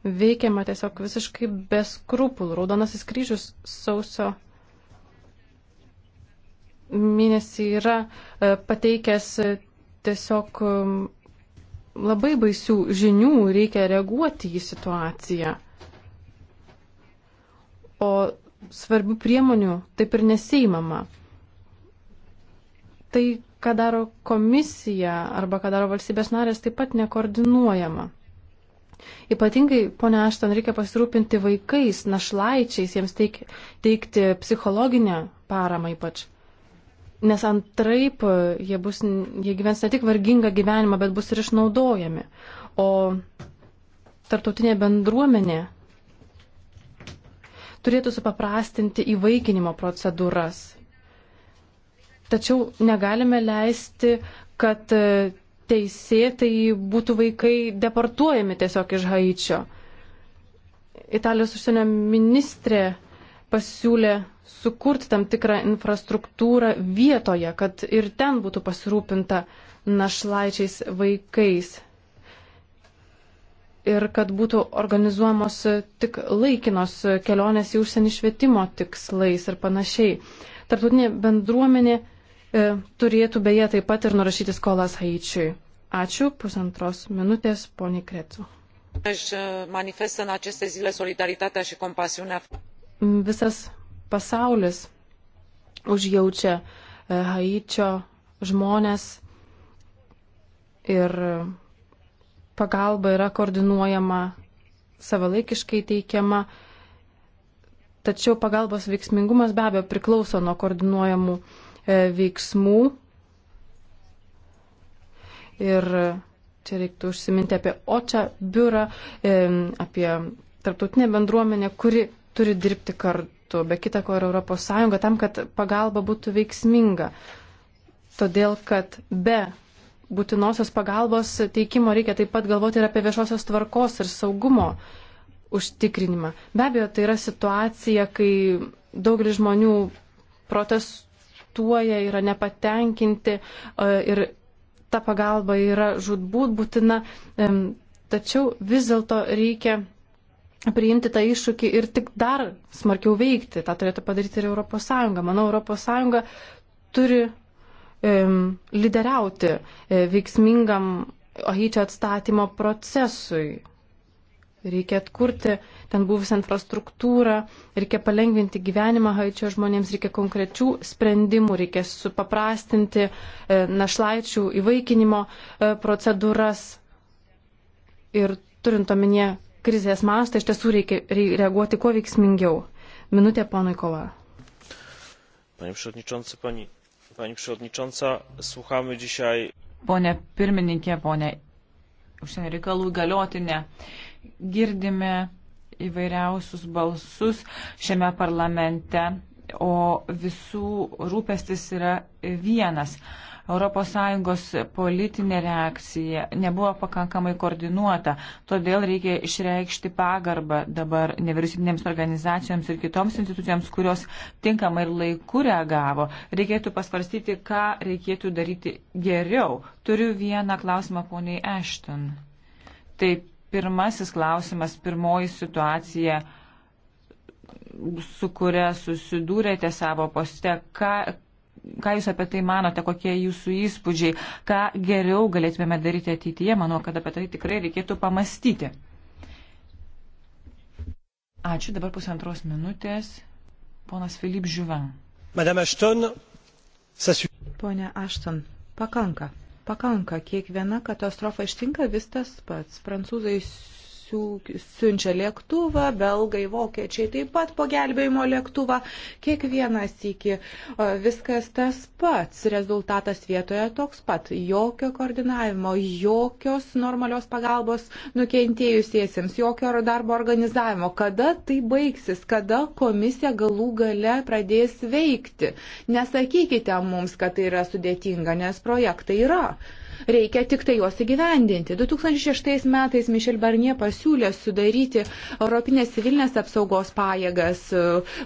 Veikiama tiesiog visiškai beskrupulų. Raudonasis kryžius sausio mėnesį yra e, pateikęs tiesiog labai baisių žinių, reikia reaguoti į situaciją. O svarbių priemonių taip ir neseimama. Tai, ką daro komisija arba ką daro valstybės narės, taip pat nekoordinuojama. Ypatingai, ponia Aštan, reikia pasirūpinti vaikais, našlaičiais, jiems teik, teikti psichologinę paramą ypač. Nes antraip e, jie, bus, jie gyvens ne tik vargingą gyvenimą, bet bus ir išnaudojami. O tarptautinė bendruomenė turėtų supaprastinti įvaikinimo procedūras. Tačiau negalime leisti, kad e, teisėtai būtų vaikai deportuojami tiesiog iš Haičio. Italijos užsienio ministrė pasiūlė sukurti tam tikrą infrastruktūrą vietoje, kad ir ten būtų pasirūpinta našlaičiais vaikais. Ir kad būtų organizuojamos tik laikinos kelionės į užsienį švietimo tikslais ir panašiai. Tartutinė bendruomenė e, turėtų beje taip pat ir nurašyti skolas Haičiui. Ačiū pusantros minutės, poniai Kretu. Aš manifestą în aceste zile solidaritatea și compasiunea. Visas pasaulis užjaučia e, Haičio žmonės ir pagalba yra koordinuojama, savalaikiškai teikiama, tačiau pagalbos veiksmingumas be abejo priklauso nuo koordinuojamų e, veiksmų. Ir čia reiktų užsiminti apie OČA biurą, e, apie tarptautinę bendruomenę, kuri turi dirbti kartu kartu, be kita ko ir ES, tam, kad pagalba būtų veiksminga. Todėl, kad be būtinosios pagalbos teikimo reikia taip pat galvoti ir apie viešosios tvarkos ir saugumo užtikrinimą. Be abejo, tai yra situacija, kai daugelis žmonių protestuoja, yra nepatenkinti e, ir ta pagalba yra žudbūt būtina. Tačiau vis dėlto reikia priimti tą iššūkį ir tik dar smarkiau veikti. Ta turėtų padaryti ir ES. Manau, ES turi um, lyderiauti e, veiksmingam Haičio atstatymo procesui. Reikia atkurti ten buvusią infrastruktūrą, reikia palengvinti gyvenimą Haičio žmonėms, reikia konkrečių sprendimų, reikia supaprastinti e, našlaičių įvaikinimo e, procedūras. Ir turint omenyje krizės mastą iš tiesų reikia reaguoti kuo veiksmingiau. Minutė ponui Kola. Panie przewodniczący, pani, pani przewodnicząca, słuchamy dzisiaj. Pone pirmininkė, pone užsienio reikalų galiotinė, girdime įvairiausius balsus šiame parlamente, o visų rūpestis yra vienas ES politinė reakcija nebuvo pakankamai koordinuota, todėl reikia išreikšti pagarbą dabar nevyriausybinėms organizacijoms ir kitoms institucijoms, kurios tinkamai ir laiku reagavo. Reikėtų pasvarstyti, ką reikėtų daryti geriau. Turiu vieną klausimą poniai Ashton. Tai pirmasis klausimas, pirmoji situacija su kuria susidūrėte savo poste, ką, ką Jūs apie tai manote, kokie Jūsų įspūdžiai, ką geriau galėtumėme daryti ateityje, manau, kad apie tai tikrai reikėtų pamastyti. Ačiū, dabar pusantros minutės. Ponas Filip Žiuvan. Madame Ashton, sasu. Pone Ashton, pakanka. Pakanka. Kiekviena katastrofa ištinka vis tas pats. Prancūzai siunčia lėktuvą, belgai, vokiečiai taip pat pagelbėjimo lėktuvą, kiekvienas iki viskas tas pats, rezultatas vietoje toks pat, jokio koordinavimo, jokios normalios pagalbos nukentėjusiesiems, jokio darbo organizavimo, kada tai baigsis, kada komisija galų gale pradės veikti. Nesakykite mums, kad tai yra sudėtinga, nes projektai yra. Reikia tik tai juos įgyvendinti. 2006 metais Mišel Barnie pasiūlė sudaryti Europinės civilinės apsaugos pajėgas e,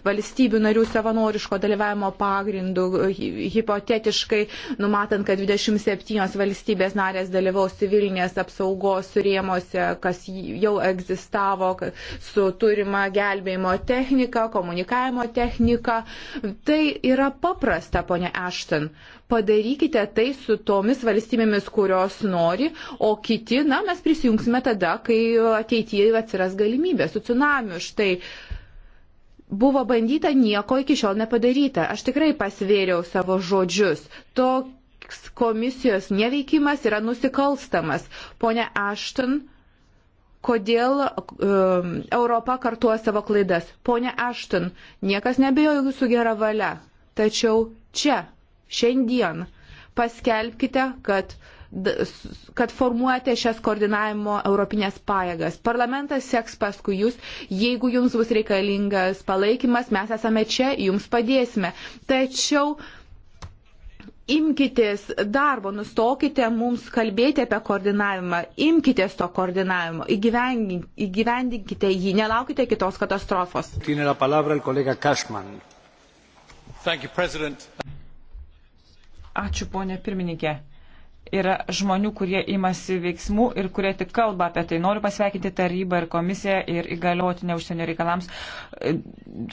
valstybių narių savanoriško dalyvavimo pagrindų, e, hipotetiškai numatant, kad 27 valstybės narės dalyvaus civilinės apsaugos rėmose, kas jau egzistavo su turima gelbėjimo technika, komunikavimo technika. Tai yra paprasta, ponė Ashton padarykite tai su tomis valstybėmis, kurios nori, o kiti, na, mes prisijungsime tada, kai ateityje atsiras galimybė su tsunamiu. Štai buvo bandyta nieko iki šiol nepadaryta. Aš tikrai pasvėriau savo žodžius. Toks komisijos neveikimas yra nusikalstamas. Pone Ašton, kodėl um, Europa kartuoja savo klaidas. Pone Ashton, niekas nebejoja jūsų gerą valią, tačiau čia šiandien paskelbkite, kad kad formuojate šias koordinavimo europinės pajėgas. Parlamentas seks paskui jūs, jeigu jums bus reikalingas palaikymas, mes esame čia, jums padėsime. Tačiau imkitės darbo, nustokite mums kalbėti apie koordinavimą, imkitės to koordinavimo, įgyvendinkite jį, nelaukite kitos katastrofos. You, Ačiū, ponė pirmininkė. Yra žmonių, kurie imasi veiksmų ir kurie tik kalba apie tai. Noriu pasveikinti tarybą ir komisiją ir įgaliotinę užsienio reikalams e,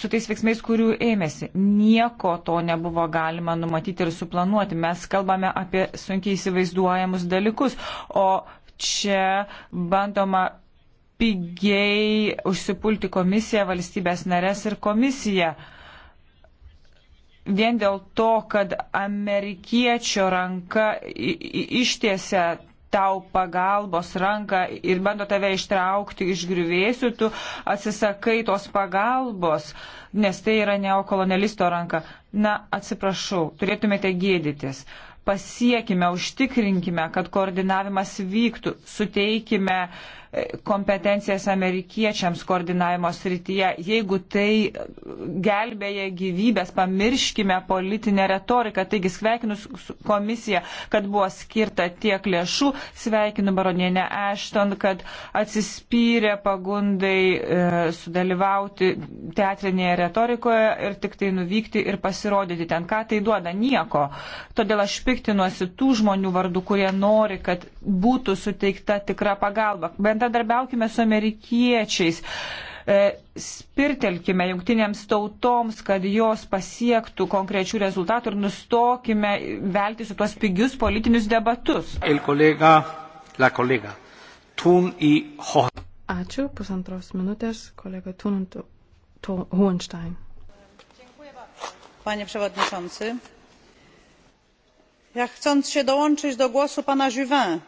su tais veiksmais, kurių ėmėsi. Nieko to nebuvo galima numatyti ir suplanuoti. Mes kalbame apie sunkiai įsivaizduojamus dalykus, o čia bandoma pigiai užsipulti komisiją, valstybės narės ir komisiją. Uh, vien dėl to, kad amerikiečio ranka ištiesia tau pagalbos ranką ir bando tave ištraukti iš grįvėsių, tu atsisakai tos pagalbos, nes tai yra neokolonialisto ranka. Na, atsiprašau, turėtumėte gėdytis. Pasiekime, užtikrinkime, kad koordinavimas vyktų, suteikime uh, kompetencijas amerikiečiams koordinavimo srityje. Jeigu tai gelbėja gyvybės, pamirškime politinę retoriką. Taigi sveikinu komisiją, kad buvo skirta tiek lėšų, sveikinu baronienę Ashton, kad atsispyrė pagundai e, sudalyvauti teatrinėje retorikoje ir tik tai nuvykti ir pasirodyti ten. Ką tai duoda? Nieko. Todėl aš piktinuosi tų žmonių vardu, kurie nori, kad būtų suteikta tikra pagalba. Bendradarbiaukime su amerikiečiais. E, spirtelkime jungtinėms tautoms, kad jos pasiektų konkrečių rezultatų ir nustokime velti su tuos pigius politinius debatus. Kolega, kolega, Ačiū, pusantros minutės, kolega Tun Hohenstein. Panie Przewodniczący, chcąc się dołączyć do głosu pana Juvin.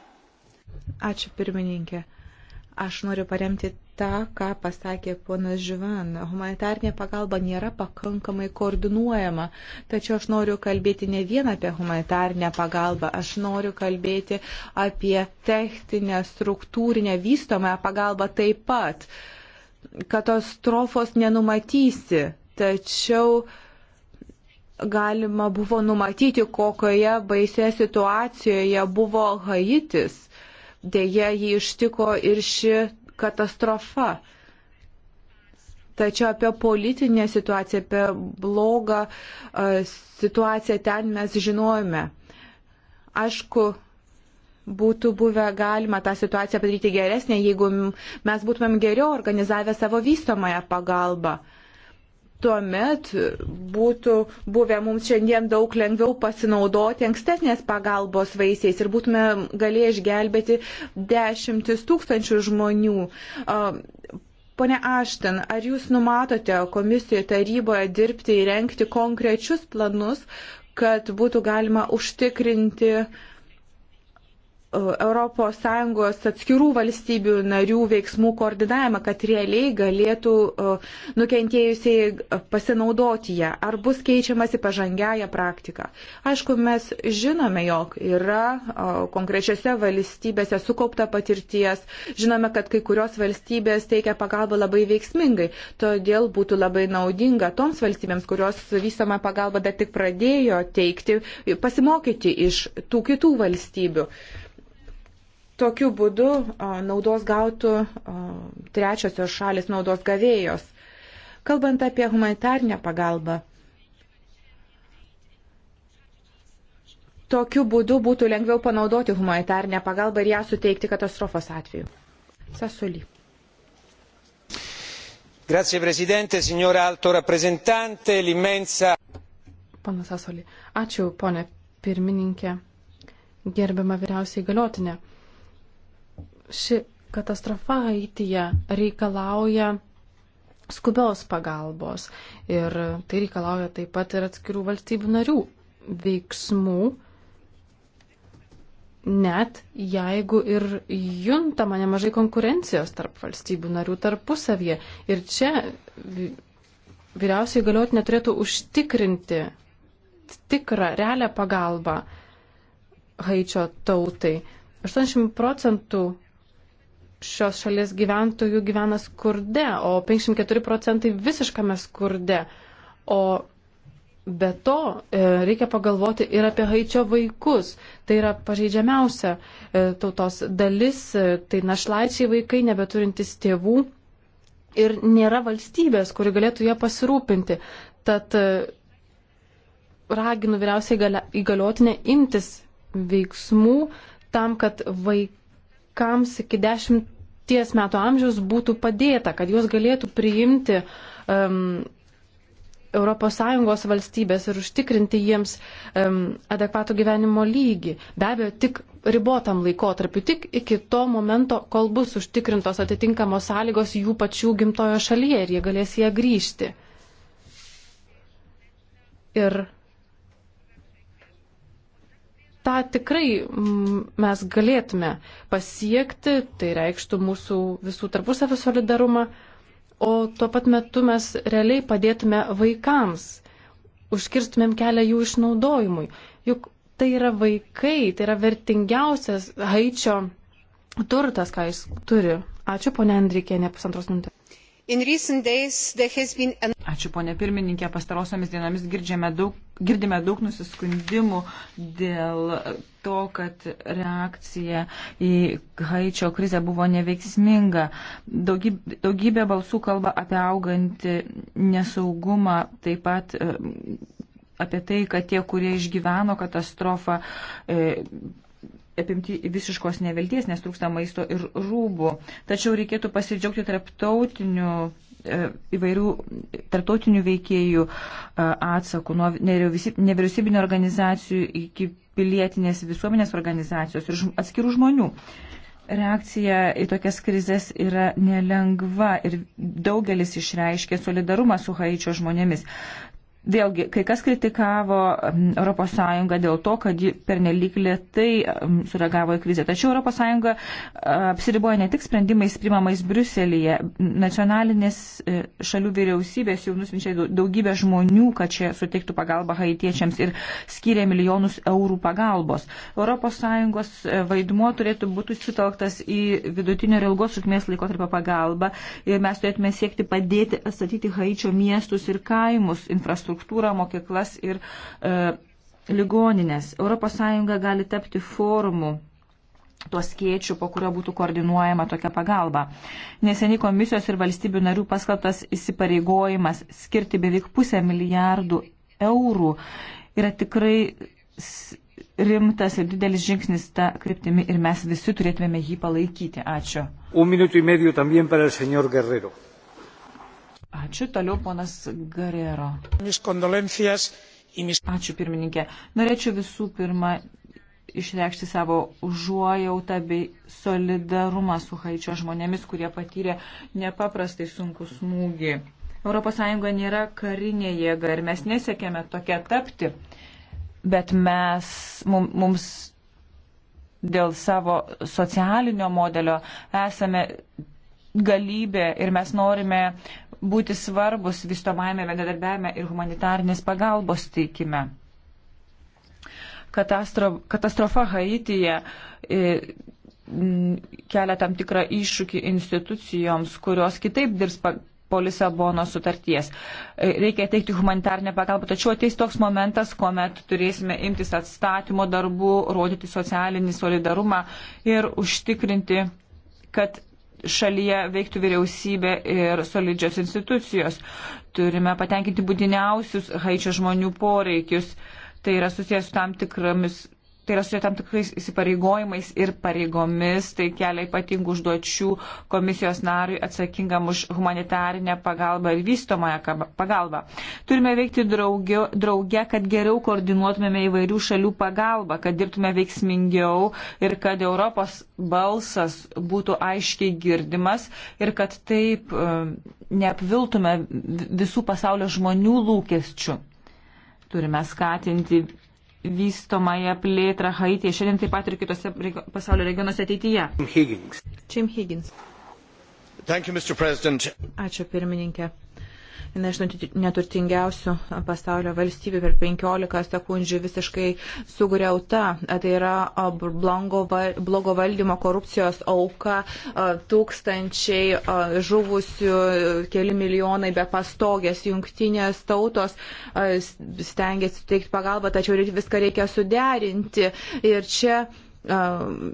Ačiū pirmininkė. Aš noriu paremti tą, ką pasakė ponas Žyvan. Humanitarnė pagalba nėra pakankamai koordinuojama. Tačiau aš noriu kalbėti ne vien apie humanitarnę pagalbą, aš noriu kalbėti apie techninę, struktūrinę, vystomąją pagalbą taip pat. Katastrofos nenumatysi, tačiau uh, galima buvo numatyti, kokioje baisėje situacijoje buvo Haitis. Deja, jį ištiko ir ši katastrofa. Tačiau apie politinę situaciją, apie blogą e, situaciją ten mes žinojome. Aišku, būtų buvę galima tą situaciją padaryti geresnė, jeigu mes būtumėm geriau organizavę savo vystomąją pagalbą tuomet būtų buvę mums šiandien daug lengviau pasinaudoti ankstesnės pagalbos vaisiais ir būtume galėję išgelbėti dešimtis tūkstančių žmonių. Pone Ašten, ar jūs numatote komisijoje taryboje dirbti ir renkti konkrečius planus, kad būtų galima užtikrinti uh, ES atskirų valstybių narių veiksmų koordinavimą, kad realiai galėtų e, nukentėjusiai pasinaudoti ją, ar bus keičiamasi pažangiaja praktika. Aišku, mes žinome, jog yra e, konkrečiose valstybėse sukaupta patirties, žinome, kad kai kurios valstybės teikia pagalbą labai veiksmingai, todėl būtų labai naudinga toms valstybėms, kurios vystamą pagalbą dar tik pradėjo teikti, pasimokyti iš tų kitų valstybių. Tokiu būdu naudos gautų trečiosios šalis naudos gavėjos. Kalbant apie humanitarnę pagalbą, tokiu būdu būtų lengviau panaudoti humanitarnę pagalbą ir ją suteikti katastrofos atveju. Sasuli. Grazie Presidente, signora Alto rappresentante, l'immensa. Pana Sasoli, ačiū ponė pirmininkė, gerbiama vyriausiai galiotinė ši katastrofa Haityje reikalauja skubios pagalbos ir tai reikalauja taip pat ir atskirų valstybių narių veiksmų, net jeigu ir juntama nemažai konkurencijos tarp valstybių narių tarpusavyje. Ir čia vyriausiai galiot neturėtų užtikrinti tikrą, realią pagalbą Haičio tautai. 80 procentų šios šalies gyventojų gyvena skurde, o 54 procentai visiškame skurde. O be to e, reikia pagalvoti ir apie haičio vaikus. Tai yra pažeidžiamiausia e, tautos dalis, e, tai našlaičiai vaikai nebeturintys tėvų ir nėra valstybės, kuri galėtų ją pasirūpinti. Tad raginu vyriausiai įgaliotinę imtis veiksmų tam, kad vaikai vaikams iki dešimties metų amžiaus būtų padėta, kad juos galėtų priimti um, ES valstybės ir užtikrinti jiems um, adekvatų gyvenimo lygį. Be abejo, tik ribotam laikotarpiu, tik iki to momento, kol bus užtikrintos atitinkamos sąlygos jų pačių gimtojo šalyje ir jie galės ją grįžti. Ir tą tikrai mm, mes galėtume pasiekti, tai reikštų mūsų visų tarpusavio solidarumą, o tuo pat metu mes realiai padėtume vaikams, užkirstumėm kelią jų išnaudojimui. Juk tai yra vaikai, tai yra vertingiausias haičio turtas, ką jis turi. Ačiū, ponė Andrikė, ne pusantros minutės. Been... Ačiū, ponė pirmininkė. Pastarosiomis dienomis girdime daug, girdime daug nusiskundimų dėl to, kad reakcija į Haičio krizę buvo neveiksminga. Daugybė, daugybė balsų kalba apie augantį nesaugumą, taip pat e, apie tai, kad tie, kurie išgyveno katastrofą, e, apimti visiškos nevilties, nes trūksta maisto ir rūbų. Tačiau reikėtų pasidžiaugti tarptautiniu e, įvairių tarptautinių veikėjų e, atsakų, nuo nevyriausybinio organizacijų iki pilietinės visuomenės organizacijos ir atskirų žmonių. Reakcija į tokias krizės yra nelengva ir daugelis išreiškė solidarumą su Haičio žmonėmis. Vėlgi, kai kas kritikavo ES dėl to, kad ji pernelyg lietai sureagavo į krizę. Tačiau ES apsiriboja ne tik sprendimais primamais Briuselėje. Nacionalinės e, šalių vyriausybės jau nusinčia daugybę žmonių, kad čia suteiktų pagalbą haitiečiams ir skiria milijonus eurų pagalbos. ES e, vaidmuo turėtų būti sutelktas į vidutinio ir ilgos sukmės laikotarpio pagalbą ir mes turėtume siekti padėti atstatyti haičio miestus ir kaimus infrastruktūrą infrastruktūrą, mokyklas ir e, ligoninės. ES gali tapti forumu tuo skėčiu, po kurio būtų koordinuojama tokia pagalba. Neseniai komisijos ir valstybių narių paskaltas įsipareigojimas skirti beveik pusę milijardų eurų yra tikrai rimtas ir didelis žingsnis tą kryptimį ir mes visi turėtume jį palaikyti. Ačiū. Un minuto y medio también para el señor Guerrero. Ačiū toliau, ponas Garero. Ačiū pirmininkė. Norėčiau visų pirma išreikšti savo užuojautą bei solidarumą su Haičio žmonėmis, kurie patyrė nepaprastai sunku smūgį. ES nėra karinė jėga ir mes nesiekėme tokia tapti, bet mes, mums dėl savo socialinio modelio esame galybė ir mes norime būti svarbus vystomajame bendradarbiavime ir humanitarnės pagalbos teikime. Katastro, katastrofa Haityje e, kelia tam tikrą iššūkį institucijoms, kurios kitaip dirbs po Lisabono sutarties. E, reikia teikti humanitarnę pagalbą, tačiau ateis toks momentas, kuomet turėsime imtis atstatymo darbų, rodyti socialinį solidarumą ir užtikrinti, kad šalyje veiktų vyriausybė ir solidžios institucijos. Turime patenkinti būdiniausius haičio žmonių poreikius. Tai yra susijęs su tam tikromis tai yra su tam tikrais įsipareigojimais ir pareigomis, tai kelia ypatingų užduočių komisijos nariui atsakingam už humanitarinę pagalbą ir vystomąją pagalbą. Turime veikti draugio, drauge, kad geriau koordinuotumėme įvairių šalių pagalbą, kad dirbtume veiksmingiau ir kad Europos balsas būtų aiškiai girdimas ir kad taip e, neapviltume visų pasaulio žmonių lūkesčių. Turime skatinti vystomąją plėtrą Haityje, šiandien taip pat ir kitose pasaulio regionuose ateityje. Higgins. Jim Higgins. You, Ačiū pirmininkė viena iš neturtingiausių pasaulio valstybių per 15 sekundžių visiškai sugriauta. Tai yra blogo, blogo valdymo korupcijos auka, tūkstančiai žuvusių, keli milijonai be pastogės, jungtinės tautos stengiasi teikti pagalbą, tačiau viską reikia suderinti. Ir čia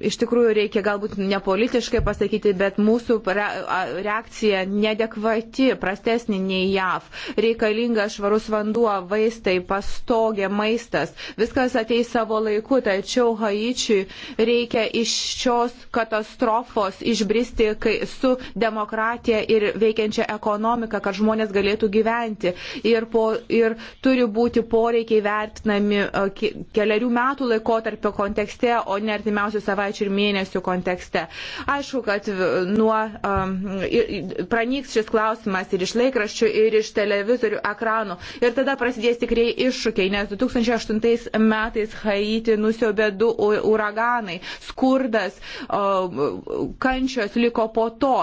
iš tikrųjų reikia galbūt nepolitiškai pasakyti, bet mūsų reakcija nedekvati, prastesnė nei JAV. Reikalinga švarus vanduo, vaistai, pastogė, maistas. Viskas ateis savo laiku, tačiau Haičiui reikia iš šios katastrofos išbristi kai, su demokratija ir veikiančia ekonomika, kad žmonės galėtų gyventi. Ir, po, ir turi būti poreikiai vertinami keliarių metų laikotarpio kontekste, o ne artimiausių savaičių ir mėnesių kontekste. Aišku, kad nuo um, pranyks šis klausimas ir iš laikraščių, ir iš televizorių ekranų. Ir tada prasidės tikrai iššūkiai, nes 2008 metais Haiti nusiaubė du uraganai, skurdas, um, kančios liko po to.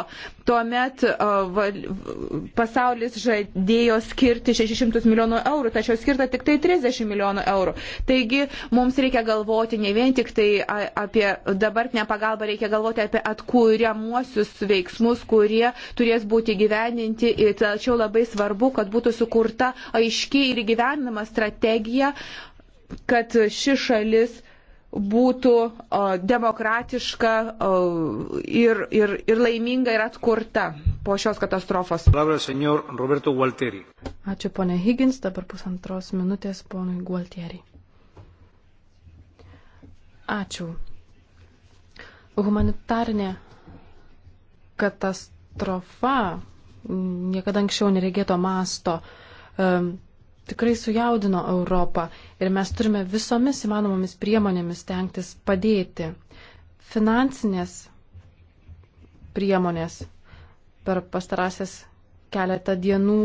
Tuomet um, pasaulis žadėjo skirti 600 milijonų eurų, tačiau skirta tik tai 30 milijonų eurų. Taigi mums reikia galvoti ne vien tik tai galvoja apie dabartinę pagalbą, reikia galvoti apie atkūriamuosius veiksmus, kurie turės būti gyveninti. Tačiau labai svarbu, kad būtų sukurta aiški ir gyvenama strategija, kad ši šalis būtų o, demokratiška o, ir, ir, ir laiminga ir atkurta po šios katastrofos. Ačiū ponė Higgins, dabar pusantros minutės ponui Gualtieriai. Ačiū. Humanitarinė katastrofa niekada anksčiau neregėto masto um, tikrai sujaudino Europą ir mes turime visomis įmanomomis priemonėmis tenktis padėti. Finansinės priemonės per pastarąsias keletą dienų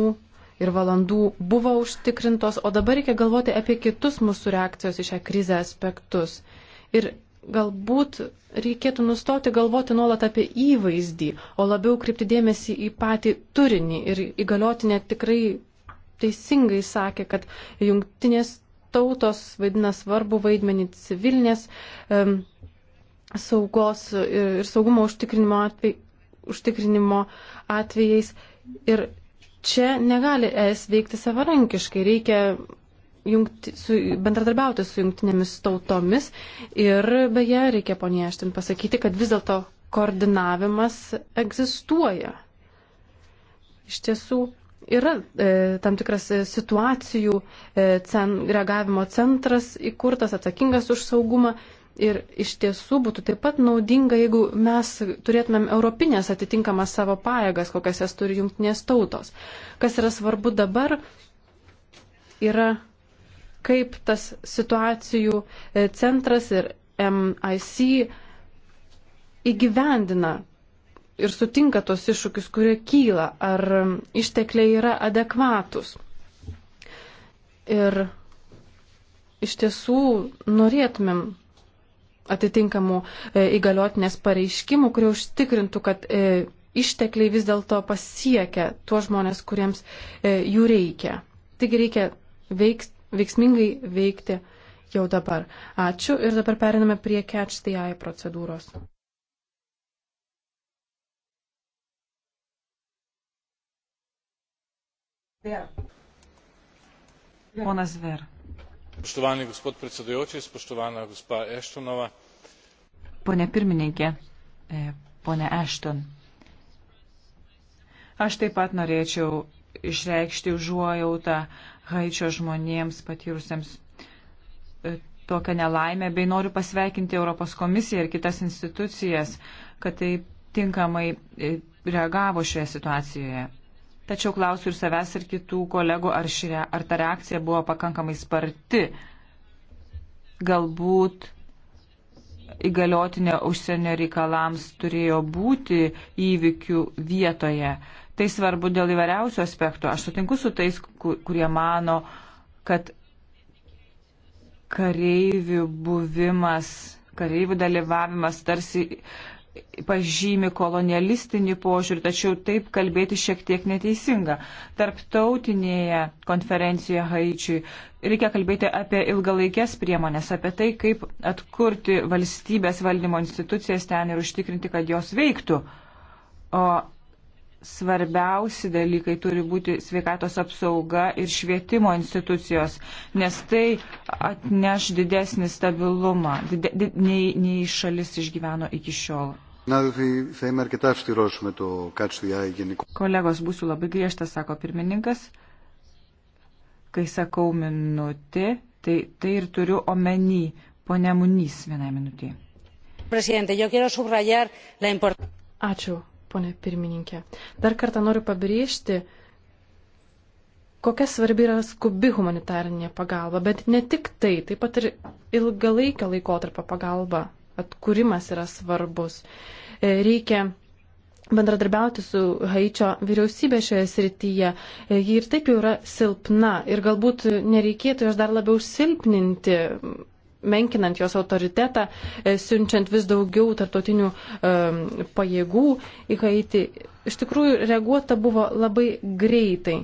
ir valandų buvo užtikrintos, o dabar reikia galvoti apie kitus mūsų reakcijos į šią krizę aspektus. Ir galbūt reikėtų nustoti galvoti nuolat apie įvaizdį, o labiau krypti dėmesį į patį turinį. Ir įgaliotinė tikrai teisingai sakė, kad jungtinės tautos vaidina svarbu vaidmenį civilinės um, saugos ir, ir saugumo užtikrinimo, atvej, užtikrinimo atvejais. Ir čia negali es veikti savarankiškai, reikia jungti, su, bendradarbiauti su jungtinėmis tautomis. Ir beje, reikia ponieštin pasakyti, kad vis dėlto koordinavimas egzistuoja. Iš tiesų yra e, tam tikras situacijų e, cen, reagavimo centras įkurtas, atsakingas už saugumą. Ir iš tiesų būtų taip pat naudinga, jeigu mes turėtumėm europinės atitinkamas savo pajėgas, kokias jas turi jungtinės tautos. Kas yra svarbu dabar, yra kaip tas situacijų e, centras ir MIC įgyvendina ir sutinka tos iššūkius, kurie kyla, ar ištekliai yra adekvatus. Ir iš tiesų norėtumėm atitinkamų e, įgaliotinės pareiškimų, kurie užtikrintų, kad e, ištekliai vis dėlto pasiekia tuos žmonės, kuriems jų reikia. Taigi reikia veikti veiksmingai veikti jau dabar. Ačiū ir dabar periname prie catch the eye procedūros. Ponas Ver. Spoštovani gospod predsedujoči, spoštovana gospa Eštonova. Pone pirmininkė, e, pone Ešton. Aš taip pat norėčiau išreikšti užuojautą uh, Haičio žmonėms patyrusiems e, tokią nelaimę, bei noriu pasveikinti Europos komisiją ir kitas institucijas, kad taip tinkamai e, reagavo šioje situacijoje. Tačiau klausiu ir savęs ir kitų kolegų, ar, ši, ar ta reakcija buvo pakankamai sparti. Galbūt įgaliotinė užsienio reikalams turėjo būti įvykių vietoje Tai svarbu dėl įvairiausių aspektų. Aš sutinku su tais, kurie mano, kad kareivių buvimas, kareivių dalyvavimas tarsi pažymi kolonialistinį požiūrį, tačiau taip kalbėti šiek tiek neteisinga. Tarptautinėje konferencijoje Haičiui reikia kalbėti apie ilgalaikės priemonės, apie tai, kaip atkurti valstybės valdymo institucijas ten ir užtikrinti, kad jos veiktų. O svarbiausi dalykai turi būti sveikatos apsauga ir švietimo institucijos, nes tai atneš didesnį stabilumą, did, did, nei, nei šalis išgyveno iki šiol. Tai Kolegos, būsiu labai griežtas, sako pirmininkas. Kai sakau minutį, tai, tai ir turiu omeny. Pone Munys, vienai minutį. Ačiū, ponė pirmininkė. Dar kartą noriu pabrėžti, kokia svarbi yra skubi humanitarinė pagalba, bet ne tik tai, taip pat ir ilgalaikio laikotarpio pagalba, atkūrimas yra svarbus. E, reikia bendradarbiauti su Haičio vyriausybė šioje srityje. E, ji ir taip jau yra silpna ir galbūt nereikėtų jos dar labiau silpninti menkinant jos autoritetą, e, siunčiant vis daugiau tartotinių um, e, pajėgų į Haiti. Iš tikrųjų, reaguota buvo labai greitai.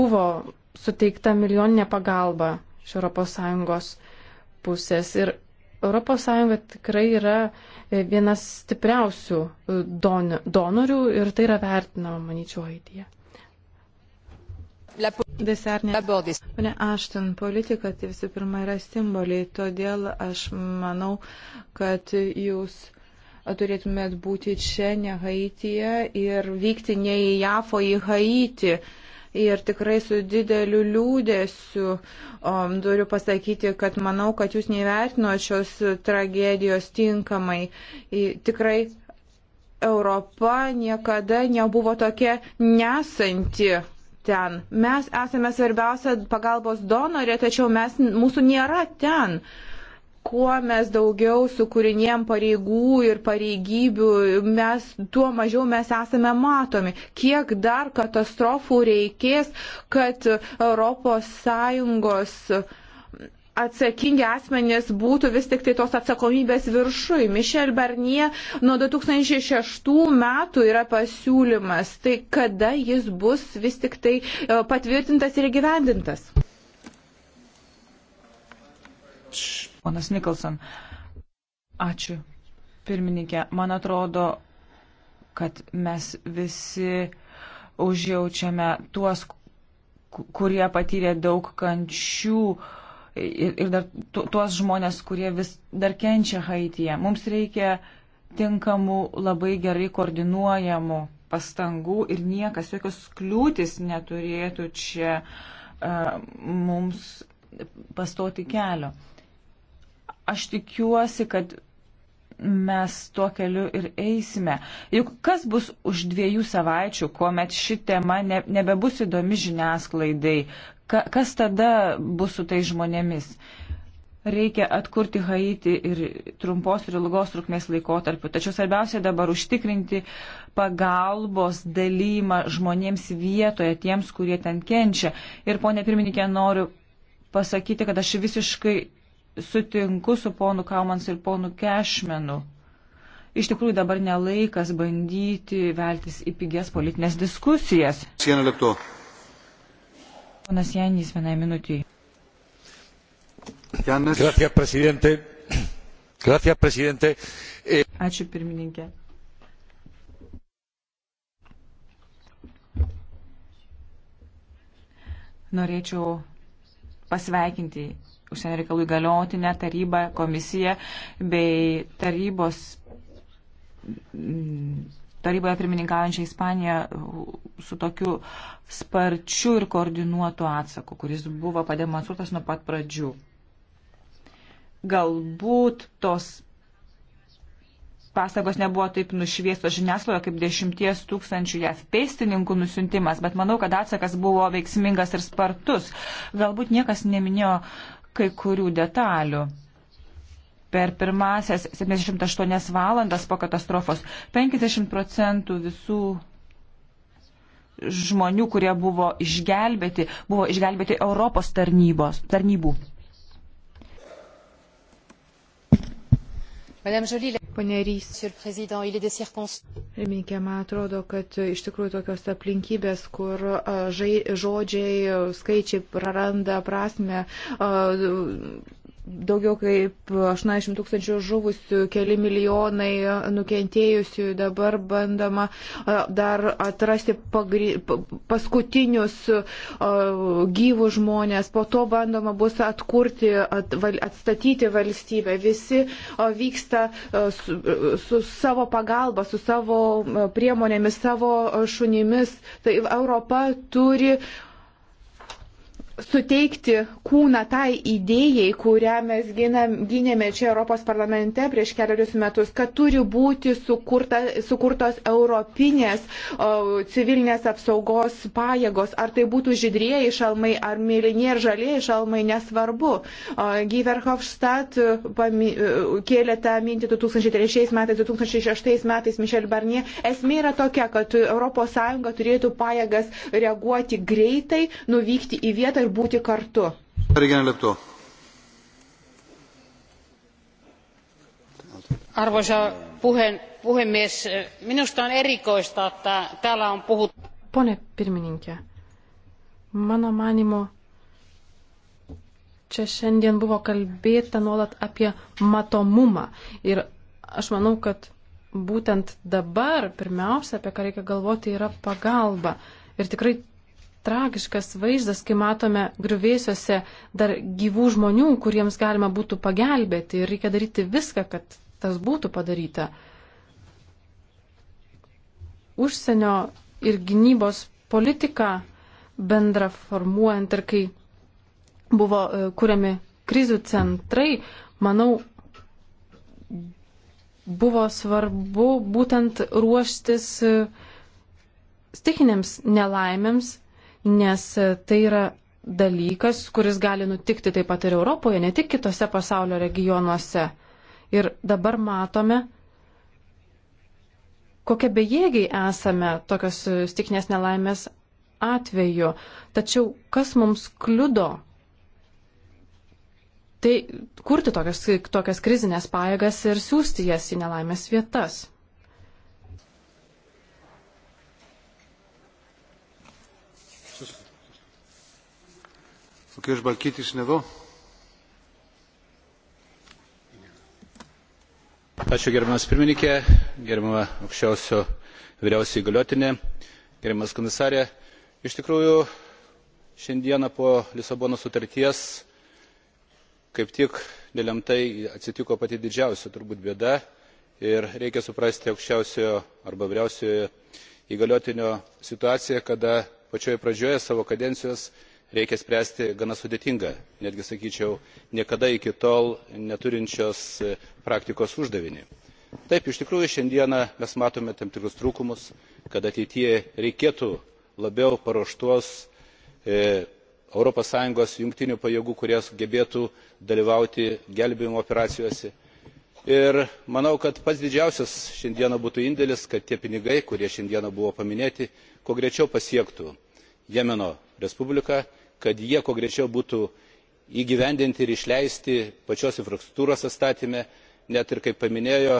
Buvo suteikta milijoninė pagalba iš ES pusės. Ir ES tikrai yra e, vienas stipriausių don donorių ir tai yra vertinama, manyčiau, Haityje. Pane Ašten, politika tai visų pirma yra simboliai, todėl aš manau, kad jūs turėtumėt būti čia, ne Haityje ir vykti ne į JAF, o į Haitį. Ir tikrai su dideliu liūdėsiu um, turiu pasakyti, kad manau, kad jūs nevertino šios tragedijos tinkamai. I, tikrai Europa niekada nebuvo tokia nesanti ten. Mes esame svarbiausia pagalbos donorė, tačiau mes, mūsų nėra ten kuo mes daugiau sukūrinėjom pareigų ir pareigybių, mes, tuo mažiau mes esame matomi. Kiek dar katastrofų reikės, kad ES atsakingi asmenys būtų vis tik tai tos atsakomybės viršui. Mišel Barnie nuo 2006 metų yra pasiūlymas. Tai kada jis bus vis tik tai e, patvirtintas ir gyvendintas? Ponas Nikolson, ačiū. Pirmininkė, man atrodo, kad mes visi užjaučiame tuos, kurie patyrė daug kančių uh, ir, ir dar tuos žmonės, kurie vis dar kenčia Haityje. Mums reikia tinkamų, labai gerai koordinuojamų pastangų ir niekas, jokios kliūtis neturėtų čia uh, mums pastoti kelio. Aš tikiuosi, kad mes tuo keliu ir eisime. Juk kas bus už dviejų savaičių, kuomet ši tema ne, nebebus įdomi žiniasklaidai, ka, kas tada bus su tai žmonėmis? Reikia atkurti Haiti ir trumpos ir ilgos trukmės laikotarpiu. Tačiau svarbiausia dabar užtikrinti pagalbos dalymą žmonėms vietoje, tiems, kurie ten kenčia. Ir ponė pirmininkė, noriu pasakyti, kad aš visiškai sutinku su ponu Kaumans ir ponu Kešmenu. Iš tikrųjų dabar nelaikas bandyti veltis į pigės politinės diskusijas. Sienelėktu. Ponas Janys, vienai minutiai. Janis. Gracias, presidente. Gracias, presidente. E... Ačiū pirmininkė. Norėčiau pasveikinti užsienio reikalų įgaliotinę tarybą, komisiją bei tarybos taryboje pirmininkaujančią Ispaniją su tokiu sparčiu ir koordinuotu atsaku, kuris buvo pademonstruotas nuo pat pradžių. Galbūt tos pastangos nebuvo taip nušviestos žiniasklaidoje kaip dešimties tūkstančių JAV pėstininkų nusintimas, bet manau, kad atsakas buvo veiksmingas ir spartus. Galbūt niekas neminėjo kai kurių detalių. Per pirmasias 78 valandas po katastrofos 50 procentų visų žmonių, kurie buvo išgelbėti, buvo išgelbėti Europos tarnybos, tarnybų. Pirmininkė, man atrodo, kad iš tikrųjų tokios aplinkybės, kur žai, žodžiai, skaičiai praranda prasme, daugiau kaip 80 tūkstančių žuvusių, keli milijonai nukentėjusių, dabar bandoma dar atrasti pagri... paskutinius gyvų žmonės, po to bandoma bus atkurti, atstatyti valstybę. Visi vyksta su, su savo pagalba, su savo priemonėmis, savo šunimis. Tai Europa turi uh, suteikti kūną tai idėjai, kurią mes ginam, gynėme čia Europos parlamente prieš keliarius metus, kad turi būti sukurta, sukurtos europinės o, civilinės apsaugos pajėgos, ar tai būtų žydrieji šalmai, ar mėlynie ir žalieji šalmai, nesvarbu. Giverhofstadt kėlė tą mintį 2003 metais, 2006 metais Mišel Barnie. Esmė yra tokia, kad ES turėtų pajėgas reaguoti greitai, nuvykti į vietą ir ir būti kartu. Arvoisa puheen, puhemies, minusta on erikoista, että täällä on puhuttu. Pone pirmininkė, mano manimo, čia šiandien buvo kalbėta nuolat apie matomumą. Ir aš manau, kad būtent dabar pirmiausia, apie ką reikia galvoti, yra pagalba. Ir tikrai tragiškas vaizdas, kai matome gruvėsiuose dar gyvų žmonių, kuriems galima būtų pagelbėti ir reikia daryti viską, kad tas būtų padaryta. Užsienio ir gynybos politika bendra formuojant ir kai buvo e, kuriami krizių centrai, manau, buvo svarbu būtent ruoštis e, stikinėms nelaimėms nes tai yra dalykas, kuris gali nutikti taip pat ir Europoje, ne tik kitose pasaulio regionuose. Ir dabar matome, kokie bejėgiai esame tokios stiknės nelaimės atveju. Tačiau kas mums kliudo tai kurti tokias, tokias krizinės pajėgas ir siūsti jas į nelaimės vietas. Ο κύριος Μπαλκίτης είναι εδώ. Ačiū gerbiamas pirmininkė, gerbiama aukščiausio vyriausiai galiotinė, gerbiamas komisarė. Iš tikrųjų, šiandieną po Lisabono sutarties kaip tik nelemtai atsitiko pati didžiausia turbūt bėda ir reikia suprasti aukščiausiojo arba vyriausiojo įgaliotinio situaciją kada pačioje pradžioje savo kadencijos reikia spręsti gana sudėtingą netgi sakyčiau niekada iki tol neturinčios e, praktikos uždavinį. taip iš tikrųjų šiandieną mes matome tam tikrus trūkumus kad ateityje reikėtų labiau paruoštos e, europos sąjungos jungtinių pajėgų kurios gebėtų dalyvauti gelbėjimo operacijose ir manau kad pats didžiausias šiandien būtų indėlis kad tie pinigai kurie šiandien buvo paminėti kuo greičiau pasiektų jemeno respubliką kad jie kuo greičiau būtų įgyvendinti ir išleisti pačios infrastruktūros atstatyme net ir kaip paminėjo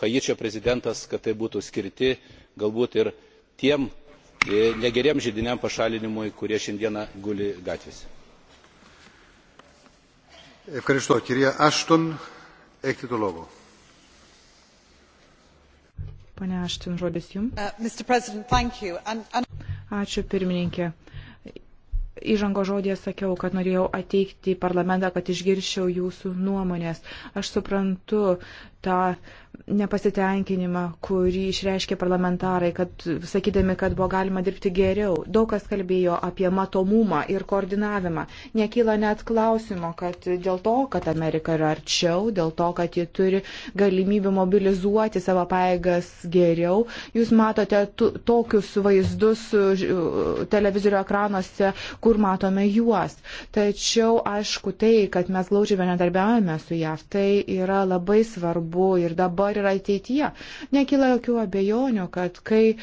haičio prezidentas kad tai būtų skirti galbūt ir tiem e, negeriems židiniams pašalinimui kurie šiandieną guli gatvėse. Ευχαριστώ. Κυρία Άστον, έχετε το λόγο. Pane Aštin, žodis jums. Uh, and, and... Ačiū pirmininkė. Uh, įžango žodėje sakiau, kad norėjau ateikti į parlamentą, kad išgirščiau jūsų nuomonės. Aš suprantu tą nepasitenkinimą, kurį išreiškė parlamentarai, kad sakydami, kad buvo galima dirbti geriau. Daug kas kalbėjo apie matomumą ir koordinavimą. Nekyla net klausimo, kad dėl to, kad Amerika yra arčiau, dėl to, kad ji turi galimybę mobilizuoti savo paėgas geriau, jūs matote tokius vaizdus uh, televizorių ekranuose, kur matome juos. Tačiau, aišku, tai, kad mes glaudžiai bendradarbiavame su JAV, tai yra labai svarbu svarbu ir dabar, ir ateityje. Nekyla jokių abejonių, kad kai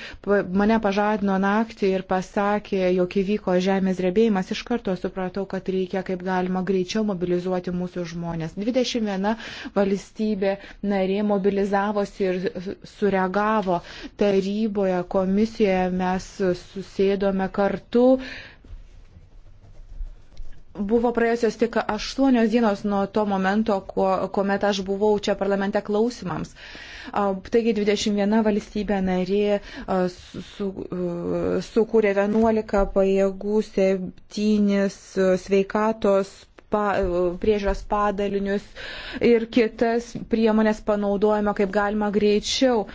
mane pažadino naktį ir pasakė, jog įvyko žemės drebėjimas, iš karto supratau, kad reikia kaip galima greičiau mobilizuoti mūsų žmonės. 21 valstybė narė mobilizavosi ir sureagavo taryboje, komisijoje mes susėdome kartu Buvo praėjusios tik aštuonios dienos nuo to momento, kuo, kuomet aš buvau čia parlamente klausimams. Taigi 21 valstybė narė sukūrė su, su 11 pajėgų, 7 sveikatos pa, priežiūros padalinius ir kitas priemonės panaudojama kaip galima greičiau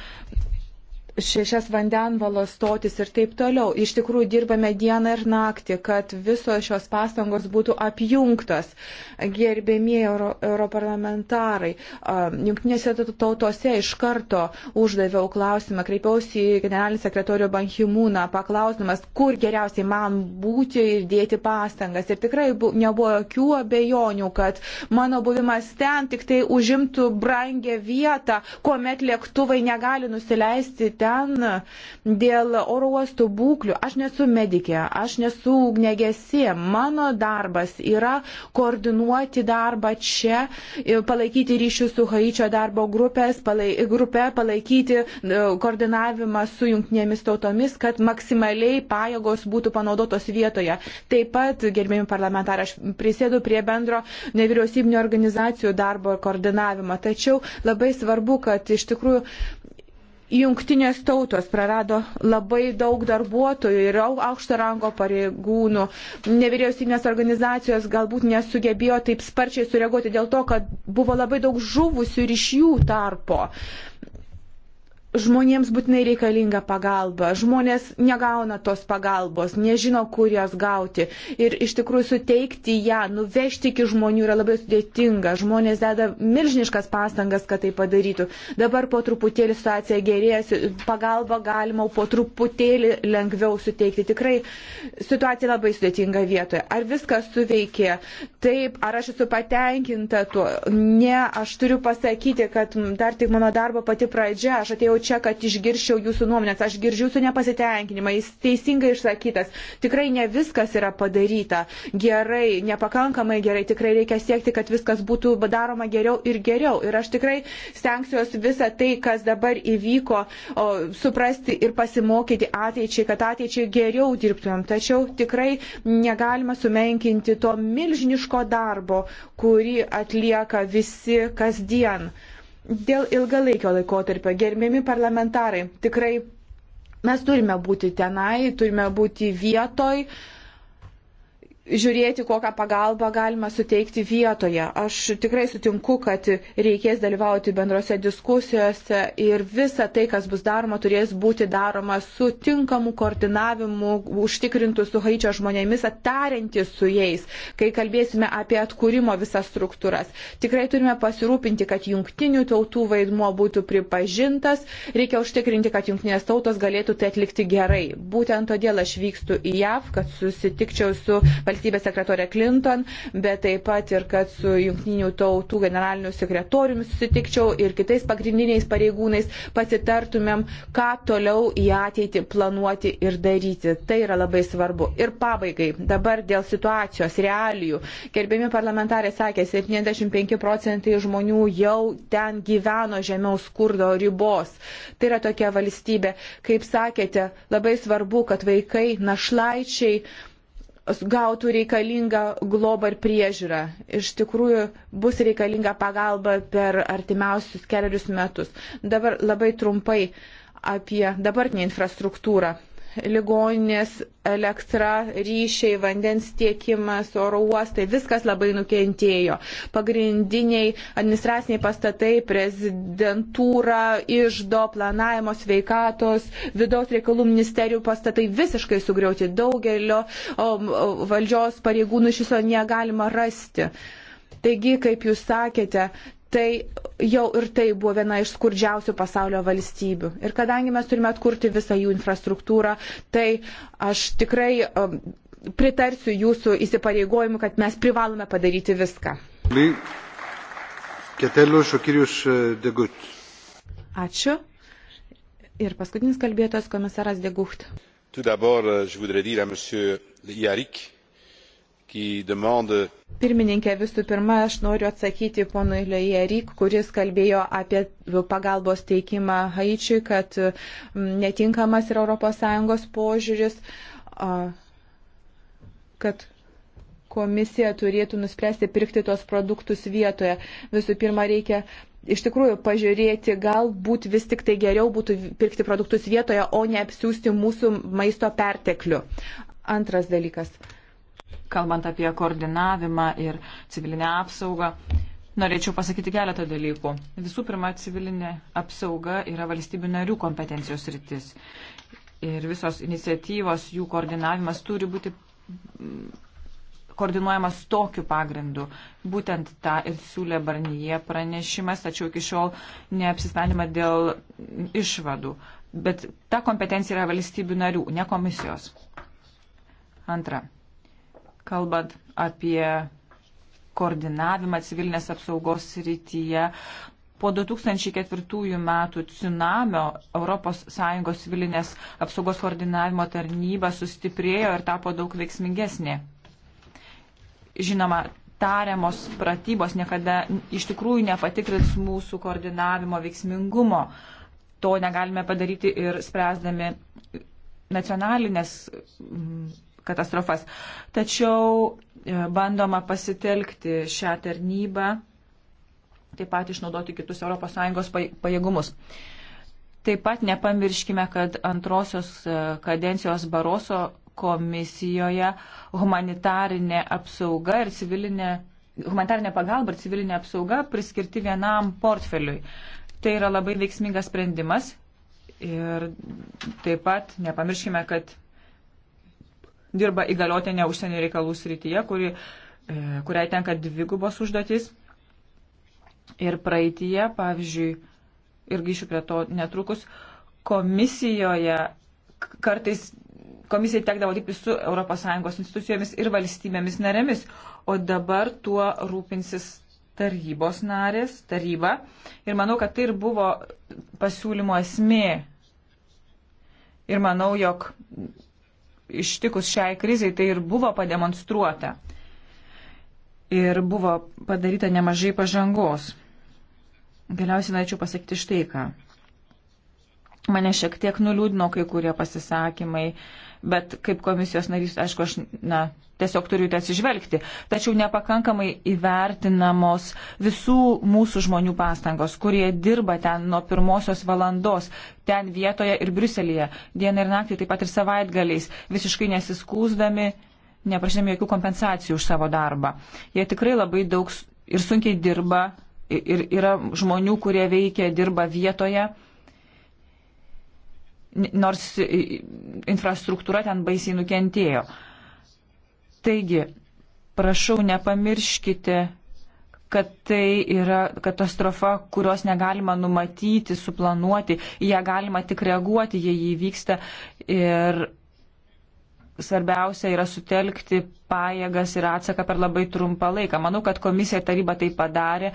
šešias vandenvalos stotis ir taip toliau. Iš tikrųjų dirbame dieną ir naktį, kad visos šios pastangos būtų apjungtos. Gerbėmieji Euro, europarlamentarai, jungtinėse tautose iš karto uždaviau klausimą, kreipiausi į generalinį sekretorių Banhimūną, paklausdamas, kur geriausiai man būti ir dėti pastangas. Ir tikrai bu, nebuvo jokių abejonių, kad mano buvimas ten tik tai užimtų brangę vietą, kuomet lėktuvai negali nusileisti ten ten dėl oro uostų būklių. Aš nesu medikė, aš nesu ugnegesi. Mano darbas yra koordinuoti darbą čia, palaikyti ryšius su Haičio darbo grupės, palai, grupė, palaikyti e, koordinavimą su jungtinėmis tautomis, kad maksimaliai pajėgos būtų panaudotos vietoje. Taip pat, gerbėjami parlamentarai, aš prisėdu prie bendro nevyriausybinio organizacijų darbo koordinavimo. Tačiau labai svarbu, kad iš tikrųjų Jungtinės tautos prarado labai daug darbuotojų ir aukšto rango pareigūnų. Nevyriausybinės organizacijos galbūt nesugebėjo taip sparčiai sureaguoti dėl to, kad buvo labai daug žuvusių ir iš jų tarpo. Uh, žmonėms būtinai reikalinga pagalba, žmonės negauna tos pagalbos, nežino, kur jas gauti. Ir iš tikrųjų suteikti ją, nuvežti iki žmonių yra labai sudėtinga. Žmonės deda milžiniškas pastangas, kad tai padarytų. Dabar po truputėlį situacija gerėjasi, pagalba galima po truputėlį lengviau suteikti. Tikrai situacija labai sudėtinga vietoje. Ar viskas suveikė? Taip, ar aš esu patenkinta tuo? Ne, aš turiu pasakyti, kad dar tik mano darbo pati pradžia. Aš atėjau čia, kad išgirščiau jūsų nuomonės, aš girdžiu jūsų nepasitenkinimą, jis teisingai išsakytas, tikrai ne viskas yra padaryta gerai, nepakankamai gerai, tikrai reikia siekti, kad viskas būtų daroma geriau ir geriau. Ir aš tikrai stengsiuosi visą tai, kas dabar įvyko, o, suprasti ir pasimokyti ateičiai, kad ateičiai geriau dirbtumėm. Tačiau tikrai negalima sumenkinti to milžiniško darbo, kurį atlieka visi kasdien. Dėl ilgalaikio laikotarpio, gerbiami parlamentarai, tikrai mes turime būti tenai, turime būti vietoj, uh, žiūrėti, kokią pagalbą galima suteikti vietoje. Aš tikrai sutinku, kad reikės dalyvauti bendrose diskusijose ir visa tai, kas bus daroma, turės būti daroma su tinkamu koordinavimu, užtikrintų su Haičio žmonėmis, attarinti su jais, kai kalbėsime apie atkūrimo visas struktūras. Tikrai turime pasirūpinti, kad jungtinių tautų vaidmuo būtų pripažintas, reikia užtikrinti, kad jungtinės tautos galėtų tai atlikti gerai. Būtent todėl aš vykstu į JAV, kad susitikčiau su valstybės valstybės sekretorė Clinton, bet taip pat ir kad su jungtinių tautų generaliniu sekretoriumi susitikčiau ir kitais pagrindiniais pareigūnais pasitartumėm, ką toliau į ateitį planuoti ir daryti. Tai yra labai svarbu. Ir pabaigai, dabar dėl situacijos, realijų. Gerbiami parlamentarai sakė, 75 procentai žmonių jau ten gyveno žemiau skurdo ribos. Tai yra tokia valstybė. Kaip sakėte, labai svarbu, kad vaikai, našlaičiai, gautų reikalingą globą ir priežiūrą. Iš tikrųjų bus reikalinga pagalba per artimiausius keliarius metus. Dabar labai trumpai apie dabartinę infrastruktūrą ligoninės elektra, ryšiai, vandens tiekimas, oro uostai, viskas labai nukentėjo. Pagrindiniai administraciniai pastatai, prezidentūra, išdo, planavimo, sveikatos, vidaus reikalų ministerijų pastatai visiškai sugriauti. Daugelio o, um, o, valdžios pareigūnų iš viso negalima rasti. Taigi, kaip jūs sakėte, tai jau ir tai buvo viena iš skurdžiausių pasaulio valstybių. Ir kadangi mes turime atkurti visą jų infrastruktūrą, tai aš tikrai um, pritarsiu jūsų įsipareigojimu, kad mes privalome padaryti viską. Ačiū. Ir paskutinis kalbėtojas komisaras Degucht. Tout d'abord, euh, je voudrais dire à monsieur Yarik Pirmininkė, visų pirma, aš noriu atsakyti ponui Lejerik, kuris kalbėjo apie pagalbos teikimą Haičiui, kad netinkamas yra ES požiūris, kad komisija turėtų nuspręsti pirkti tos produktus vietoje. Visų pirma, reikia iš tikrųjų pažiūrėti, galbūt vis tik tai geriau būtų pirkti produktus vietoje, o ne apsiųsti mūsų maisto perteklių. Antras dalykas. Kalbant apie koordinavimą ir civilinę apsaugą, norėčiau pasakyti keletą dalykų. Visų pirma, civilinė apsauga yra valstybių narių kompetencijos rytis. Ir visos iniciatyvos, jų koordinavimas turi būti mm, koordinuojamas tokiu pagrindu. Būtent tą ir siūlė Barnyje pranešimas, tačiau iki šiol neapsisprendima dėl išvadų. Bet ta kompetencija yra valstybių narių, ne komisijos. Antra kalbant apie koordinavimą civilinės apsaugos srityje. Po 2004 metų tsunamio ES civilinės apsaugos koordinavimo tarnyba sustiprėjo ir tapo daug veiksmingesnė. Žinoma, tariamos pratybos niekada iš tikrųjų nepatikrins mūsų koordinavimo veiksmingumo. To negalime padaryti ir spręsdami nacionalinės katastrofas. Tačiau e, bandoma pasitelkti šią tarnybą, taip pat išnaudoti kitus ES pajėgumus. Taip pat nepamirškime, kad antrosios e, kadencijos Baroso komisijoje humanitarinė apsauga ir civilinė, humanitarinė pagalba ir civilinė apsauga priskirti vienam portfeliui. Tai yra labai veiksmingas sprendimas ir taip pat nepamirškime, kad dirba įgaliotinė užsienio reikalų srityje, kuri, e, kuriai tenka dvigubos užduotis. Ir praeitie, pavyzdžiui, ir grįšiu prie to netrukus, komisijoje kartais komisijai tekdavo dirbti su ES institucijomis ir valstybėmis narėmis, o dabar tuo rūpinsis tarybos narės, taryba. Ir manau, kad tai ir buvo pasiūlymo esmė. Ir manau, jog ištikus šiai krizai tai ir buvo pademonstruota. Ir buvo padaryta nemažai pažangos. Galiausiai norėčiau pasakyti štai ką. Mane šiek tiek nuliūdino kai kurie pasisakymai, bet kaip komisijos narys, aišku, aš na, tiesiog turiu tai atsižvelgti. Tačiau nepakankamai įvertinamos visų mūsų žmonių pastangos, kurie dirba ten nuo pirmosios valandos, ten vietoje ir Briuselėje, dieną ir naktį, taip pat ir savaitgaliais, visiškai nesiskūsdami, neprašydami jokių kompensacijų už savo darbą. Jie tikrai labai daug ir sunkiai dirba ir yra žmonių, kurie veikia, dirba vietoje nors infrastruktūra ten baisiai nukentėjo. Taigi, prašau, nepamirškite, kad tai yra katastrofa, kurios negalima numatyti, suplanuoti, ją galima tik reaguoti, jei jį vyksta ir svarbiausia yra sutelkti pajėgas ir atsaką per labai trumpą laiką. Manau, kad komisija ir taryba tai padarė.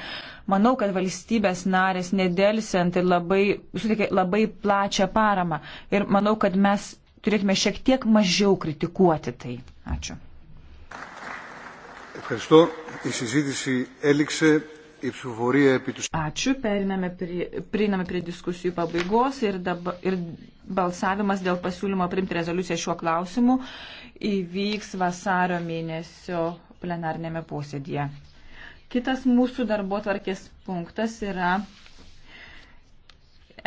Manau, kad valstybės narės nedelsiant ir labai, suteikė labai plačią paramą. Ir manau, kad mes turėtume šiek tiek mažiau kritikuoti tai. Ačiū. Ευχαριστώ. Η συζήτηση έληξε. Ačiū, periname prie, prieiname prie diskusijų pabaigos ir, daba, ir balsavimas dėl pasiūlymo primti rezoliuciją šiuo klausimu įvyks vasario mėnesio plenarnėme posėdėje. Kitas mūsų darbo tvarkės punktas yra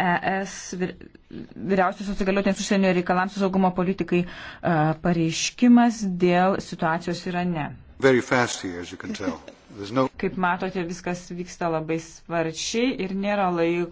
ES vir, vyriausios atsigaliotinės užsienio reikalams saugumo politikai uh, pareiškimas dėl situacijos Irane. Very fast here, as you can tell. Kaip matote, viskas vyksta labai sparčiai ir nėra laiko